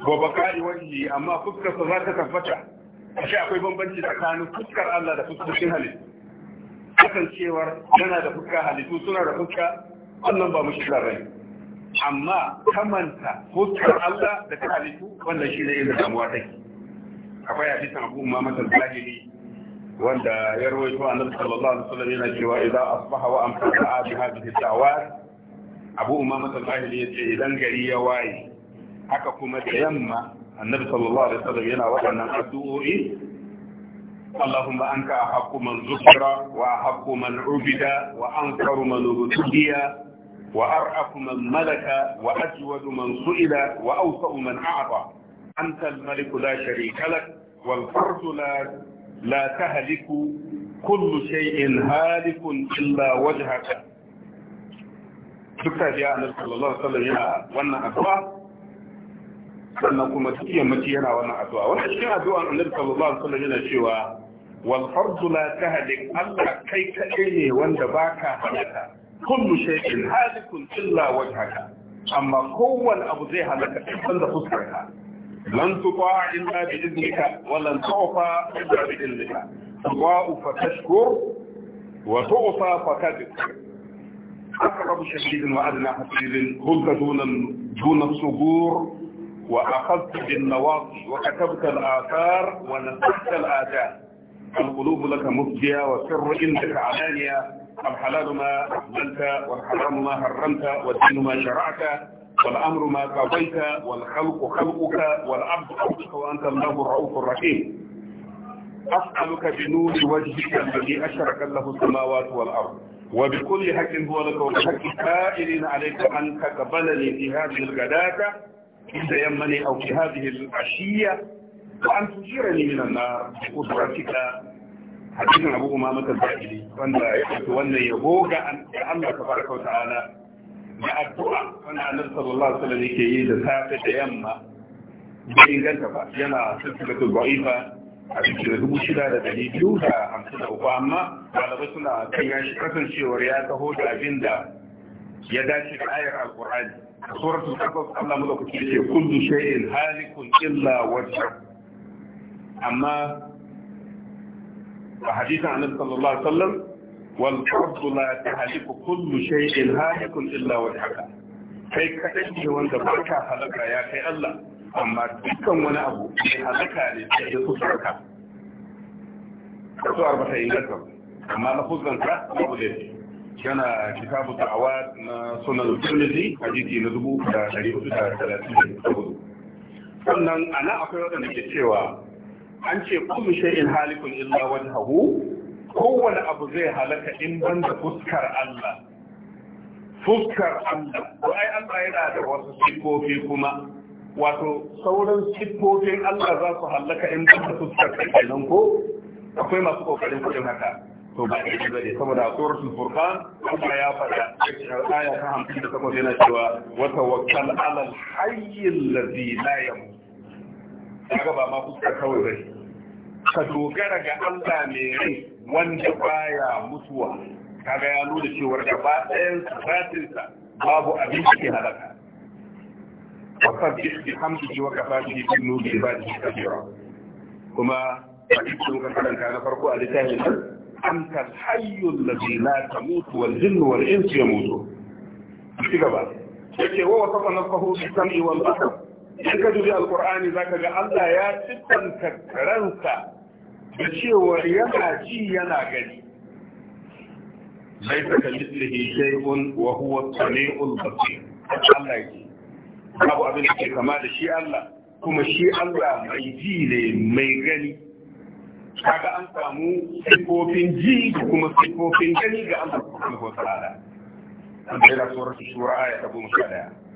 Speaker 1: wa bakari wajhi amma fuskar sa za ta tabbata shi akwai bambanci tsakanin fuskar Allah da fuskokin halittu kasancewar yana da fuska halittu suna da fuska wannan ba mushkila rai. amma kamanta hukun Allah da ta halittu wannan shi ne inda damuwa take akwai hadisin abu Muhammad al-Zahiri wanda ya rawaito annabi sallallahu alaihi wasallam yana cewa idan asbaha wa amsaka bi hadhihi da'wat abu Muhammad al-Zahiri yace idan gari ya waye haka kuma da yamma annabi sallallahu alaihi wasallam yana waɗannan addu'o'i اللهم أنت أحق من ذكر وأحق من عبد وأنكر من ابتلي وأرأف من ملك وأجود من سئل وأوسع من أعطى أنت الملك لا شريك لك والفرد لا لا تهلك كل شيء هالك إلا وجهك dukka ya annabi sallallahu alaihi wasallam yana wannan addu'a sannan kuma duk yammaci yana wannan addu'a wannan cikin addu'an annabi sallallahu alaihi wasallam yana cewa wal fardu la tahlik Allah kai kadai ne wanda baka halaka كل شيء هالك إلا وجهك أما قوة أبو زيها لك عند خسرها لن تطاع إلا بإذنك ولن تعطى إلا بإذنك تطاع فتشكر وتعطى فتذكر أقرب شديد وأدنى حسيد قلت دون دون الصبور وأخذت بالنواصي وكتبت الآثار ونسخت الآداء القلوب لك مفجية وسر إنك علانية الحلال ما أقبلت والحرام ما حرمت والدين ما شرعت والأمر ما قضيت والخلق خلقك والعبد عبدك وأنت الله الرؤوف الرحيم أسألك بنور وجهك الذي اشرك له السماوات والأرض وبكل حق هو لك وبحق سائل عليك أن تقبلني في هذه الغداة في تيمني أو في هذه العشية وأن تجيرني من النار بقدرتك hadisin abu kuma mata zaɓi wanda ya fito wannan yabo ga Allah ta baraka wa ta'ala da addu'a wanda annabi sallallahu alaihi wasallam yake yi da safe da yamma bai inganta ba yana silsilatu da'ifa a cikin dubu shida da dari biyu da hamsin da uku amma ɗalibai suna kan yashi kasancewar ya taho da abin da ya dace da ayar alƙur'ani a suratul qasas Allah madaukaki ce kullu shay'in halikun illa wajha amma a hadisin annabi sallallahu alaihi wasallam wal ardu la tahliku kullu shay'in halikun illa wajhaka kai kadai ne wanda baka halaka ya kai Allah amma dukkan wani abu mai halaka ne sai ya kusurka kasuwar ba ta inganta amma na ta babu laifi yana kitabu da'awa na sunan tirmidhi hadisi na dubu da dari hudu da talatin da hudu sannan ana akwai waɗanda ke cewa an ce kullu shay'in halikun illa wajhahu kowane abu zai halaka in banda fuskar Allah fuskar Allah ko ai Allah yana da wasu sifofi kuma wato sauran siffofin Allah za su halaka in banda fuskar kenan ko akwai masu kokarin kudin haka to ba ne ba saboda a suratul furqan kuma ya faɗa aya ta 58 yana cewa wa tawakkal alal hayyil ladzi la yamut kaga ba ma fuska kawai bane ka dogara ga Allah ne rai wanda baya mutuwa kaga ya nuna cewar gaba ɗayan sa babu abin da ke halaka fasabbih ji wa kafa bihi dhunubi ibadihi kabira kuma hadisin ka karanta na farko a littafin nan anta hayyul ladhi la tamutu wal jinnu wal insu yamutu ci gaba yake wa wasafa nafsahu bi sam'i wal basar in ka dubi alkur'ani zaka ga Allah ya siffanta ransa da cewa yana ji yana gani laisa ka mislihi shay'un wa huwa as-sami'ul basir Allah yake babu abin da ke kama da shi Allah kuma shi Allah mai ji ne mai gani kaga an samu sifofin ji da kuma sifofin gani ga Allah subhanahu wa ta'ala an bayyana suratul shura ayat 11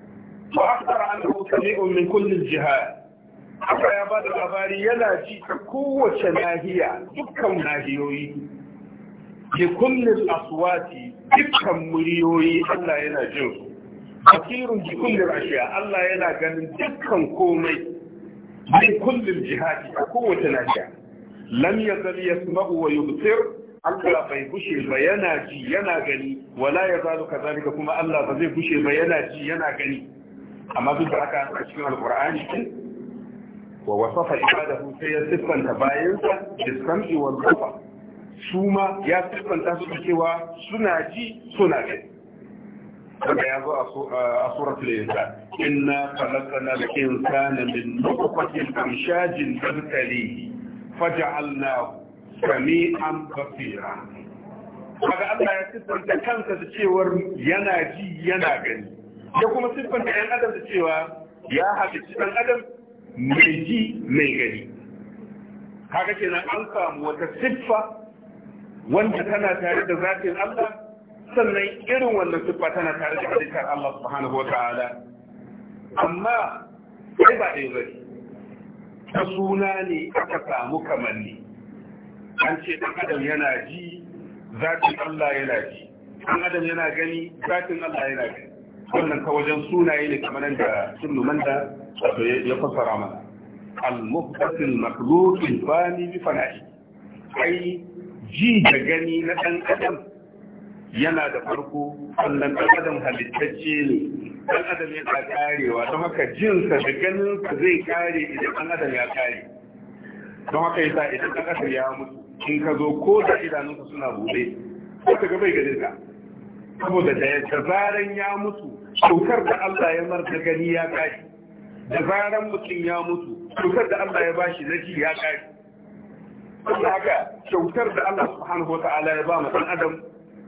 Speaker 1: وأخبر أنه سميع من كل الجهات haka ya ba da labari yana ji ta kowace nahiya dukkan nahiyoyi da kullum aswati dukkan muryoyi Allah yana jin su basirun bi kullum ashiya Allah yana ganin dukkan komai bi kullum jihadi a kowace nahiya lam yazal yasma'u wa yubsir Allah bai gushe ba yana ji yana gani wala ya yazalu kazalika kuma Allah ba zai gushe ba yana ji yana gani amma duk da haka a cikin alkur'ani wa wasafa ibadahu sai ya siffanta bayansa da sam'i wal basar su ma ya siffanta su da cewa suna ji suna gani wanda ya zo a suratul insan inna khalaqna al-insana min nutfatin amshajin nabtalihi faj'alnahu sami'an basira kaga Allah ya siffanta kansa da cewar yana ji yana gani Da kuma siffanta ɗan adam da cewa ya ci ɗan adam mai ji mai gani haka kenan an samu wata siffa wanda tana tare da zafin Allah sannan irin wannan siffa tana tare da halittar Allah subhanahu wa ta'ala amma sai ba ɗaya bane ta suna ne aka samu kamanni an ce ɗan adam yana ji zafin Allah yana ji ɗan adam yana gani zafin Allah yana gani wannan ka wajen sunaye ne kamar da sunnu manda wato ya fassara mana al-muhtasil makhluq al-fani bi fana'i ai ji da gani na dan adam yana da farko sannan dan adam halittacce ne dan adam yana karewa don haka jinsa da ganinsa zai kare idan dan adam ya kare don haka yasa idan dan adam ya mutu in ka zo ko da idanunsa suna bude ko ka ga bai ganin ka saboda da zaran ya mutu dokar da Allah ya marta gani ya kare da zaran mutum ya mutu dokar da Allah ya bashi zaki ya kare saboda haka kyautar da Allah subhanahu wata'ala ya ba mu dan adam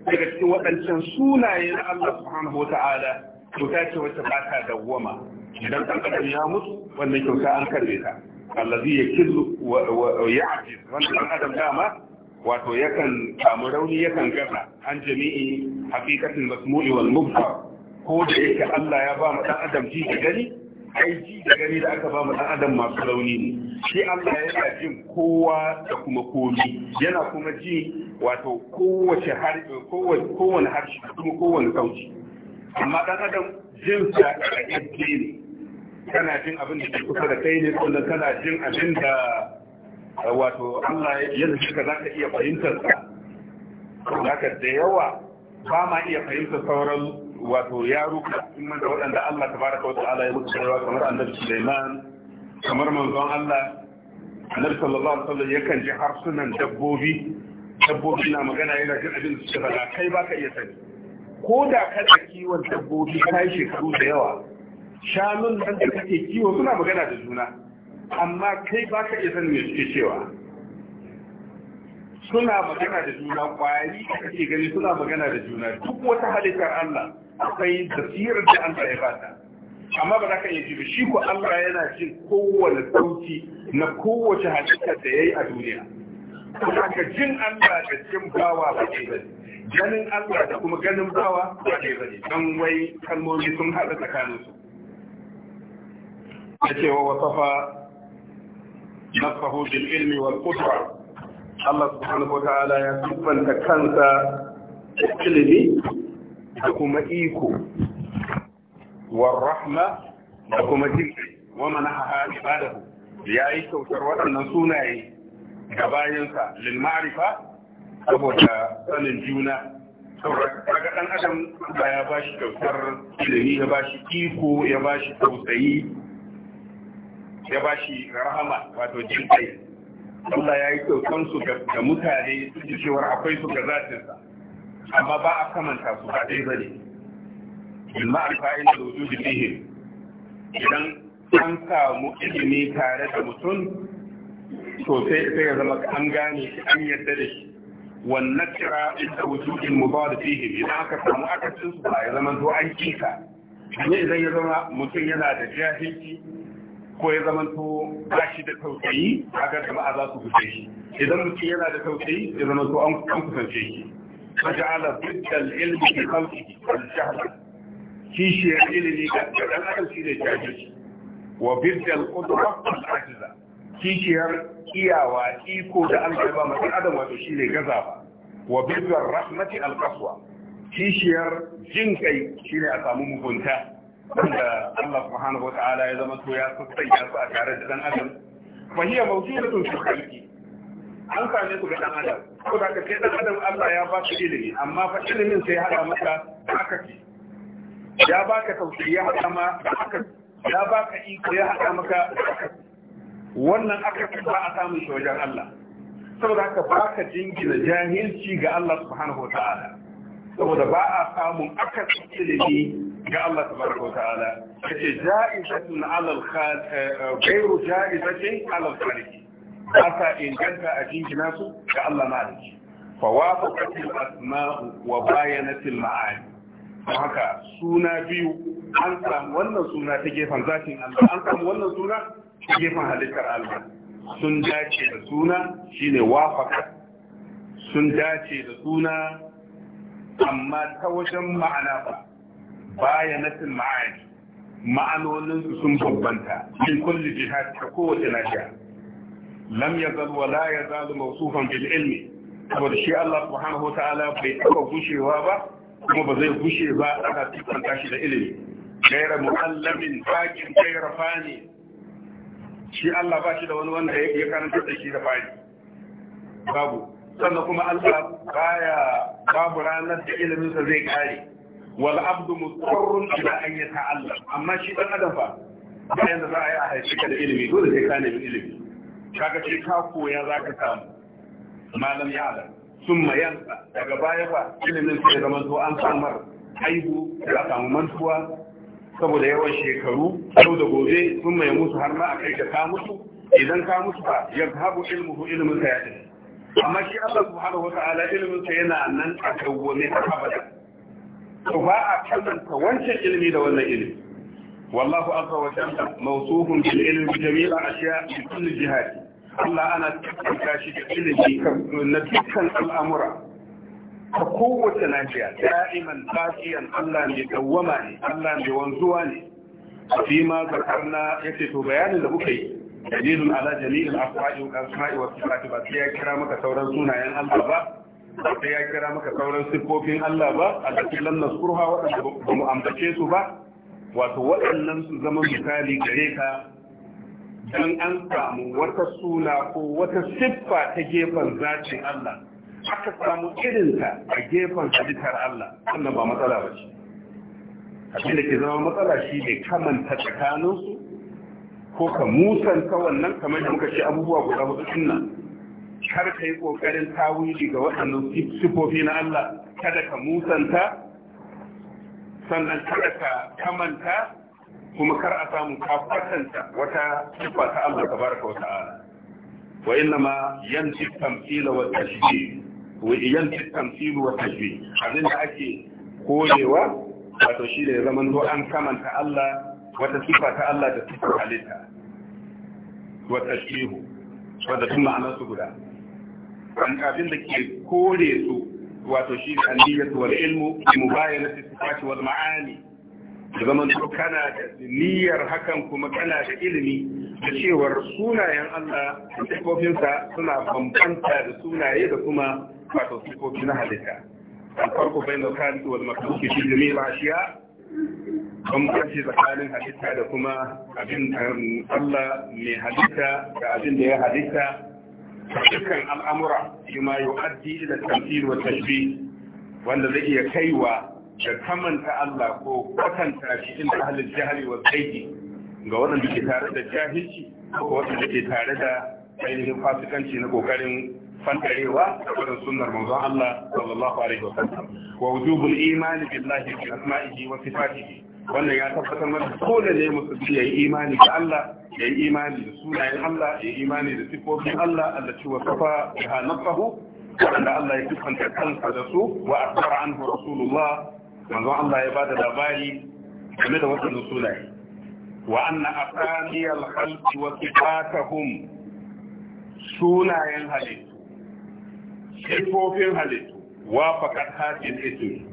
Speaker 1: daga cikin waɗancan sunaye na Allah subhanahu wata'ala kyauta ce wacce ba ta dawwama idan dan adam ya mutu wannan kyauta an karbe ta allazi yakillu wa ya'jiz wannan dan adam dama wato yakan samu rauni yakan gaza an jami'i haqiqatin masmu'i wal mubtar ko da yake Allah ya ba mu dan adam ji da gani ai ji da gani da aka ba mu dan adam masu rauni ne shi Allah yana jin kowa da kuma komi yana kuma ji wato kowace har kowane harshe kuma kowane sauci amma dan adam jin sa a yadda ne kana jin abin da ke kusa da kai ne sannan kana jin abin da wato Allah ya shi ka za ka iya fahimtar sa. ka da yawa ba ma iya fahimtar sauran wato ya ruka cikin da waɗanda Allah tabaraka wa ta'ala ya mutu cewa kamar annabi Sulaiman kamar manzon Allah annabi sallallahu alaihi wasallam yakan ji harsunan dabbobi dabbobi na magana yana jin abin da suke faɗa kai baka iya sani ko da kana kiwon dabbobi yi shekaru da yawa shanun nan da kake kiwo suna magana da juna amma kai baka iya sani me suke cewa suna magana da juna kwari da kake gani suna magana da juna duk wata halittar Allah akwai basirar da Allah ya bata amma ba za ka iya ji shi ko Allah yana jin kowane sauti na kowace halitta da yayi a duniya ka jin Allah da jin bawa ba ne ba ganin Allah da kuma ganin bawa ba ne ba ne don wai kalmomi sun haɗa tsakaninsu da cewa wasafa na bil ilmi wal qudra Allah subhanahu wa ta'ala ya siffanta kansa ilimi da kuma iko war rahma da kuma jinki wa manaha ibadahu ya yi kyautar waɗannan sunaye ga bayansa lil ma'rifa saboda sanin juna daga ɗan adam ba ya ba shi kyautar ilimi ya ba shi iko ya ba shi tausayi ya ba shi rahama wato jin Allah ya yi kyautansu ga mutane su cewar akwai su ga zatinsa amma ba a kamanta su ba dai bane bil ma'rifa inda wujud fihi idan an samu ilimi tare da mutum to sai sai ya zama an gane shi an yadda da shi wannan kira inda wujudin mubawad fihi idan aka samu akasin su ba ya zama to an kika ne idan ya zama mutum yana da jahilci ko ya zama to ba shi da tausayi a ga jama'a za su kusa shi idan mutum yana da tausayi ya zama to an kusance shi فجعل ضد العلم في خلقه الجهل كيشي العلم كان أكل شيء جاهل وضد القدرة العجزة كيشي إياوى إيكو ده أنت بما تأدم وتشيل جزاوى وضد الرحمة القصوى كيشي جنكي شيني أسامو مكنتا wanda Allah subhanahu wata'ala ya zama to ya sassanya su a tare da dan adam fa hiya mawjudatun fi khalqi an same su ga dan adam ko ka kai dan adam Allah ya ba ka ilimi amma fa ilimin sai hada maka haka ya ba ka tausayi ya hada ma haka ya ba ka iko ya hada maka haka wannan aka ba a samun shi wajen Allah saboda haka ba ka jingina jahilci ga Allah subhanahu wa ta'ala saboda ba a samun aka ilimi ga Allah subhanahu wa ta'ala kace ja'izatun alal khaliq ghayru ja'izatin alal eh, eh, khaliq ba sa inganta a jingina su ga Allah ma'aliki fawafaqat al-asma'u wa bayanat al-ma'ani haka suna biyu an samu wannan suna ta gefen zatin Allah an samu wannan suna ta gefen halittar Allah sun dace da suna shine wafaqat sun dace da suna amma ta wajen ma'ana ba bayanat al-ma'ani ma'anonin su sun bambanta min kulli jihad ta kowace nahiya lam yazal wa la yazal mawsufan bil ilmi saboda shi Allah subhanahu wataala bai taba gushewa ba kuma ba zai gushe ba ana tukanta tashi da ilimi gaira muallamin fakin gaira fani shi Allah ba shi da wani wanda ya karanta da shi da fani babu sannan kuma Allah baya babu ranar da iliminsa zai kare wal abdu mutarrun ila an yata'allam amma shi dan adam fa bayan da za a yi a haifi ka da ilimi dole sai ka nemi ilimi kaga ce ka koya za ka samu malam ya alam sun mayansa daga baya ba ilimin sai zama zo an samar haihu a samu mantuwa saboda yawan shekaru yau da gobe sun mai musu har ma a kai da ka musu idan ka musu ba ya habu ilmuhu ilimin sa ya amma shi Allah subhanahu Ta'ala ilimin sa yana nan a kawwame ta kabada to ba a kallanta wancan ilimi da wannan ilimi والله عز وجل موصوف بالعلم بجميع الاشياء في كل جهات Allah ana tabbata shi da ilimi na dukkan al'amura ta kowace najiya da'iman tafiyan Allah mai dawwama ne Allah mai wanzuwa ne fi ma zakarna yace to bayanin da muka yi dalilun ala jami'il afwa'i wa asma'i wa sifati ba sai ya kira maka sauran sunayen Allah ba sai ya kira maka sauran siffofin Allah ba allati lam naskurha waɗanda ba mu ambace su ba wato waɗannan su zama misali gare ka idan an samu wata suna ko wata siffa ta gefen zacin Allah aka samu irinta a gefen halittar Allah wannan ba matsala ba ce abinda ke zama matsala shi ne kamanta tsakaninsu ko ka musanta wannan kamar da muka ce abubuwa guda hudu sunna kar ka yi kokarin tawili ga waɗannan sifofi na Allah kada ka musanta sannan kada ka kamanta kuma kar a samu ka kwatanta wata siffa ta Allah ta tabaraka wa ta'ala wa inna ma yanti tamthila wa tashbih wa yanti tamthil wa tashbih abin da ake koyewa wato shi ne zaman zo an kamanta Allah wata siffa ta Allah da siffar halitta wa tashbih wanda tun ma'anar su guda an abin da ke kore su wato shi ne an niyyatu wal ilmu bi mubayanati sifati wal ma'ani da zaman to kana da niyyar hakan kuma kana da ilimi da cewar sunayen Allah da sifofinsa suna bambanta da sunaye da kuma wato sifofi na halitta الفرق بين الخالق والمخلوق في جميع الأشياء bambanci tsakanin halitta da kuma abin Allah mai halitta da abin da ya halitta dukkan al'amura shi ma yi ila wa tashbi wanda zai iya kaiwa da kamanta Allah ko kwatanta shi inda ahalin jahari wa zaidi ga waɗanda ke tare da jahilci ko waɗanda ke tare da ainihin fasikanci na kokarin fantarewa da barin sunnar manzon Allah sallallahu alaihi wa sallam wa wujubul iman billahi bi asma'ihi wa sifatihi wannan ya tabbatar mana dole ne musulmi yayi imani da Allah yayi imani da sunayen Allah yayi imani da sifofin Allah Allah ci wa ya biha wanda Allah ya kifanta kansa da su wa akbar anhu rasulullah manzo Allah ya bada labari game da wasu sunaye wa anna afani al-khalqi wa sifatahum sunayen halittu sifofin halittu wa faqad hadil ismi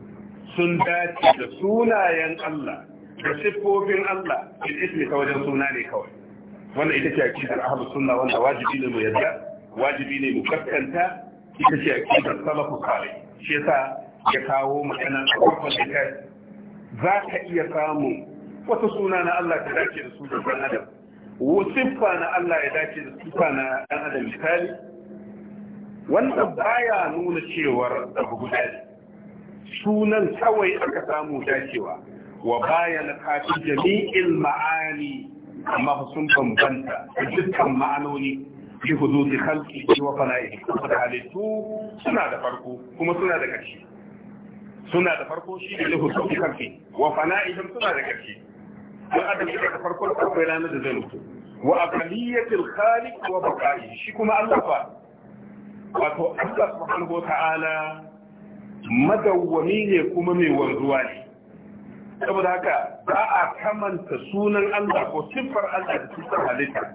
Speaker 1: sun dace da sunayen Allah da siffofin Allah in ismi ta wajen suna ne kawai wannan ita ce akidar ahlus sunna wanda wajibi ne mu yadda wajibi ne mu kaskanta ita ce akidar salafus salih shi yasa ya kawo maganan a farkon littafi za ka iya samun wata suna na Allah ta dace da su da ɗan adam wasiffa na Allah ya dace da sifa na ɗan adam misali wannan baya nuna cewar abu guda ne sunan kawai aka samu dacewa wa bayan kafin jami'in ma'ani amma sun bambanta da dukkan ma'anoni fi hudusi khalqi wa fana'i da halittu suna da farko kuma suna da ƙarshe suna da farko shi ne lahu su karfi wa fana'ihim suna da karfi dan adam shi da farko farko ranar da zai mutu wa aqliyatil khaliq wa baqa'i shi kuma Allah fa wato Allah subhanahu wa ta'ala madawwami ne kuma mai wanzuwa ne saboda haka ba a kamanta sunan Allah ko siffar Allah da siffar halitta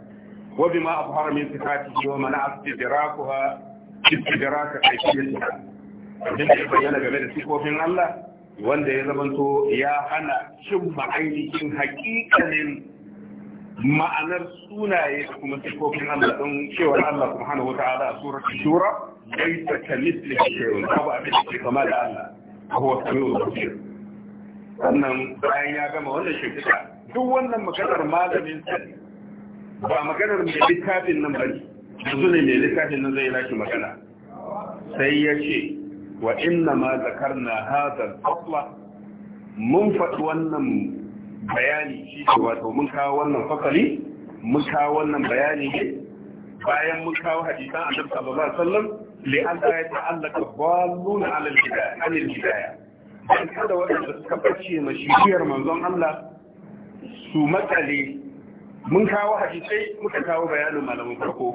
Speaker 1: wa bima abhara min sifatihi wa mana'a istidrakuha istidraka kayfiyatiha abin da ya bayyana game da sifofin Allah wanda ya zamanto ya hana cin ma'aikin hakikanin ma'anar sunaye da kuma sifofin Allah don cewar Allah subhanahu wata'ala a surat shura laisa ta mislihi shirin kaba abin da ke kama da Allah huwa samiul basir sannan bayan ya gama wannan shekara duk wannan maganar malamin sa ba maganar mai littafin nan ba ne. yanzu ne mai littafin nan zai lashe magana sai ya ce wa inna ma zakarna hadha al mun faɗi wannan bayani shi ce wato mun kawo wannan fasali, mun kawo wannan bayani ne bayan mun kawo hadisan annabi sallallahu alaihi wasallam li an ta ta'allaka dallun ala al-hidayah an al-hidayah dan kada wanda suka bace mashiyar manzon Allah su matsale mun kawo hadisai muka kawo bayanin malamin farko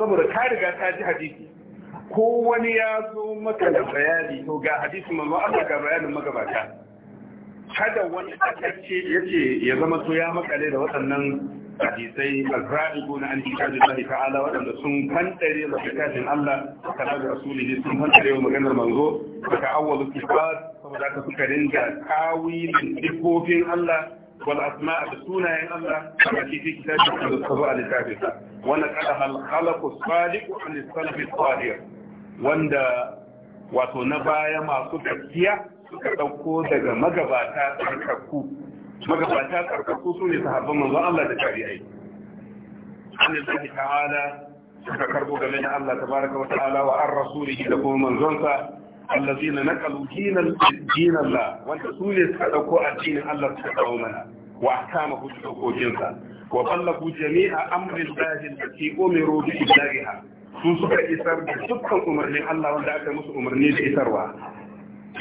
Speaker 1: saboda ka riga ka ji hadisi ko wani ya zo maka da bayani to ga hadisi manzo Allah ga bayanin magabata kada wani akace yace ya zama to ya makale da waɗannan hadisai azra'ibu na an kitabi Allah ta'ala waɗanda sun fantare da kitabin Allah kana da rasulihi sun fantare wa maganar manzo daga awwalu kitab saboda ka suka ringa tawilin Allah wal asma'a da sunayen Allah kama ce fi kitabin da a littafinsa wannan kada hal khalaqu sadiqu an salafi salih wanda wato na baya masu gaskiya suka ɗauko daga magabata tsarkaku magabata tsarkaku su ne sahabban manzon Allah da tabi'ai annabi ta'ala suka karbo game da Allah ta baraka wa ta'ala wa an rasulihi da kuma manzonsa allazina naqalu dinan dinallah wanda su ne suka dauko addinin Allah suka dawo mana wa akama hujjokokin sa wa ballagu jami'a amrin lahi allati umiru bi illahiha su suka isar da dukkan umarnin Allah wanda aka musu umarni da isarwa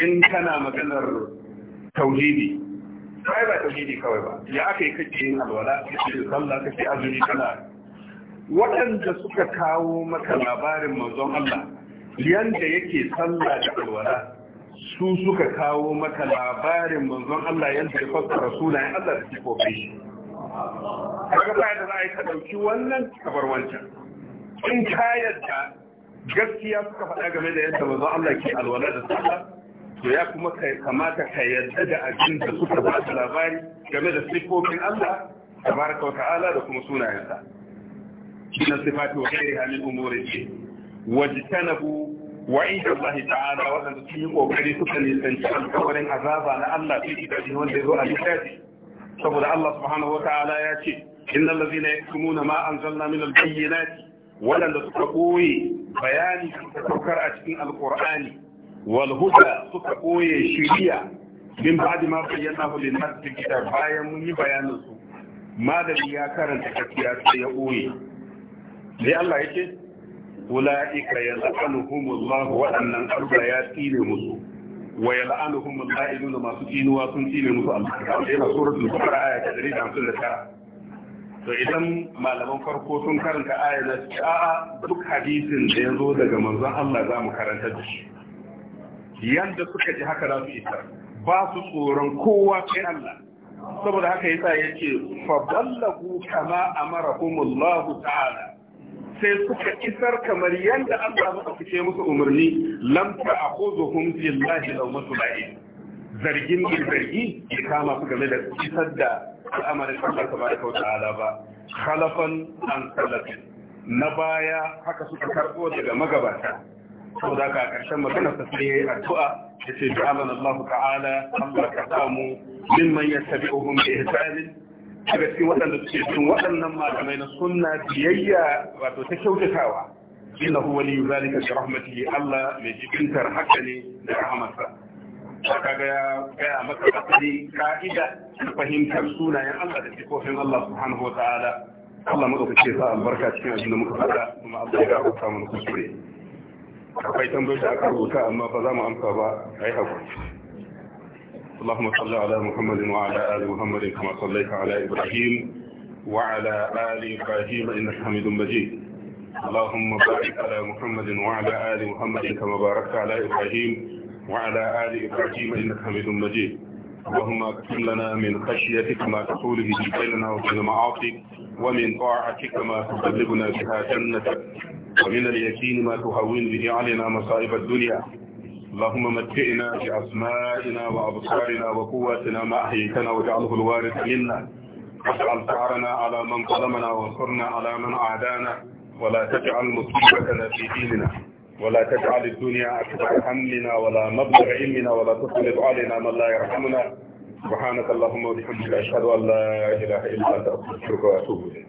Speaker 1: in kana maganar tauhidi sai ba tauhidi kawai ba ya aka yi kake yin alwala kake sallah kake azumi kana waɗanda suka kawo maka labarin manzon Allah yanda yake sallah da alwala su suka kawo maka labarin manzon Allah yanda ya fassara sunayen Allah da sifofi kaga ba da za a yi ka ɗauki wannan kabar wancan in ka gaskiya suka faɗa game da yadda manzon Allah ke alwala da sallah to ya kuma kamata ka yadda da abin da suka ba da labari game da sifofin Allah tabaraka wa ta'ala da kuma sunayensa min sifati wa ghairiha min umuri wajtanabu wa'id Allah ta'ala wadanda sun yi kokari suka nisanci alƙawarin azaba na Allah fi kitabi wanda yazo a littafi saboda Allah subhanahu wa ta'ala ya ce innal ladhina yaktumuna ma anzalna min al-bayyinati waɗanda suka ɓoye bayani suka saukar a cikin alƙur'ani wal huda suka ɓoye shiriya min ba'di ma bayyana hu lin nas kitab bayan mun yi bayanin su malami ya karanta gaskiya sai ya ɓoye sai Allah yake ulaika yal'anuhumullahu waɗannan Allah ya tsine musu wa yal'anuhumul la'inun masu tsinuwa sun tsine musu Allah yana suratul baqara aya ta tara. to idan malaman farko sun karanta aya na a'a duk hadisin da ya zo daga manzon Allah za mu karanta da shi yanda suka ji haka za su isa ba su tsoron kowa sai Allah saboda haka yasa ce, fa ballahu kama amarahumullahu ta'ala sai suka isar kamar yadda Allah muka fice musu umarni lam a akhuzuhum billahi law matula'i zargin da zargi ya kama su game da isar da amarin Allah tabaraka wa ta'ala ba khalafan an salafin na baya haka suka karbo daga magabata saboda ka karshen magana ta sai addu'a yace ja'alana Allah ta'ala Allah ka samu mimman yattabi'uhum bi ihsanin daga cikin waɗanda suke cikin waɗannan malamai na sunna biyayya wato ta kyautatawa innahu wali zalika bi rahmatihi Allah mai jikintar haka ne da rahmatsa haka ga ya gaya maka asali ka'ida ta fahimtar sunayen Allah da sifofin Allah subhanahu wa ta'ala Allah maka ce sa albarka cikin abin da muka faɗa kuma Allah ya gafarta mana kuskure akwai tambayoyi da aka rubuta amma ba za mu amsa ba ai hakuri اللهم صل على محمد وعلى آل محمد كما صليت على إبراهيم وعلى آل إبراهيم إنك حميد مجيد اللهم بارك على محمد وعلى آل محمد كما باركت على إبراهيم وعلى آل إبراهيم إنك حميد مجيد اللهم اقسم لنا من خشيتك ما تقول به بيننا وبين معاصيك ومن طاعتك ما تبلغنا بها جنتك ومن اليقين ما تهون به علينا مصائب الدنيا اللهم متئنا بأسمائنا وأبصارنا وقواتنا ما أحييتنا واجعله الوارث منا واجعل ثارنا على من ظلمنا وانصرنا على من أعدانا ولا تجعل مصيبتنا في ديننا ولا تجعل الدنيا أكبر همنا ولا مبلغ علمنا ولا تسلط علينا من لا يرحمنا سبحانك اللهم وبحمدك أشهد أن لا إله إلا أنت أستغفرك وأتوب إليك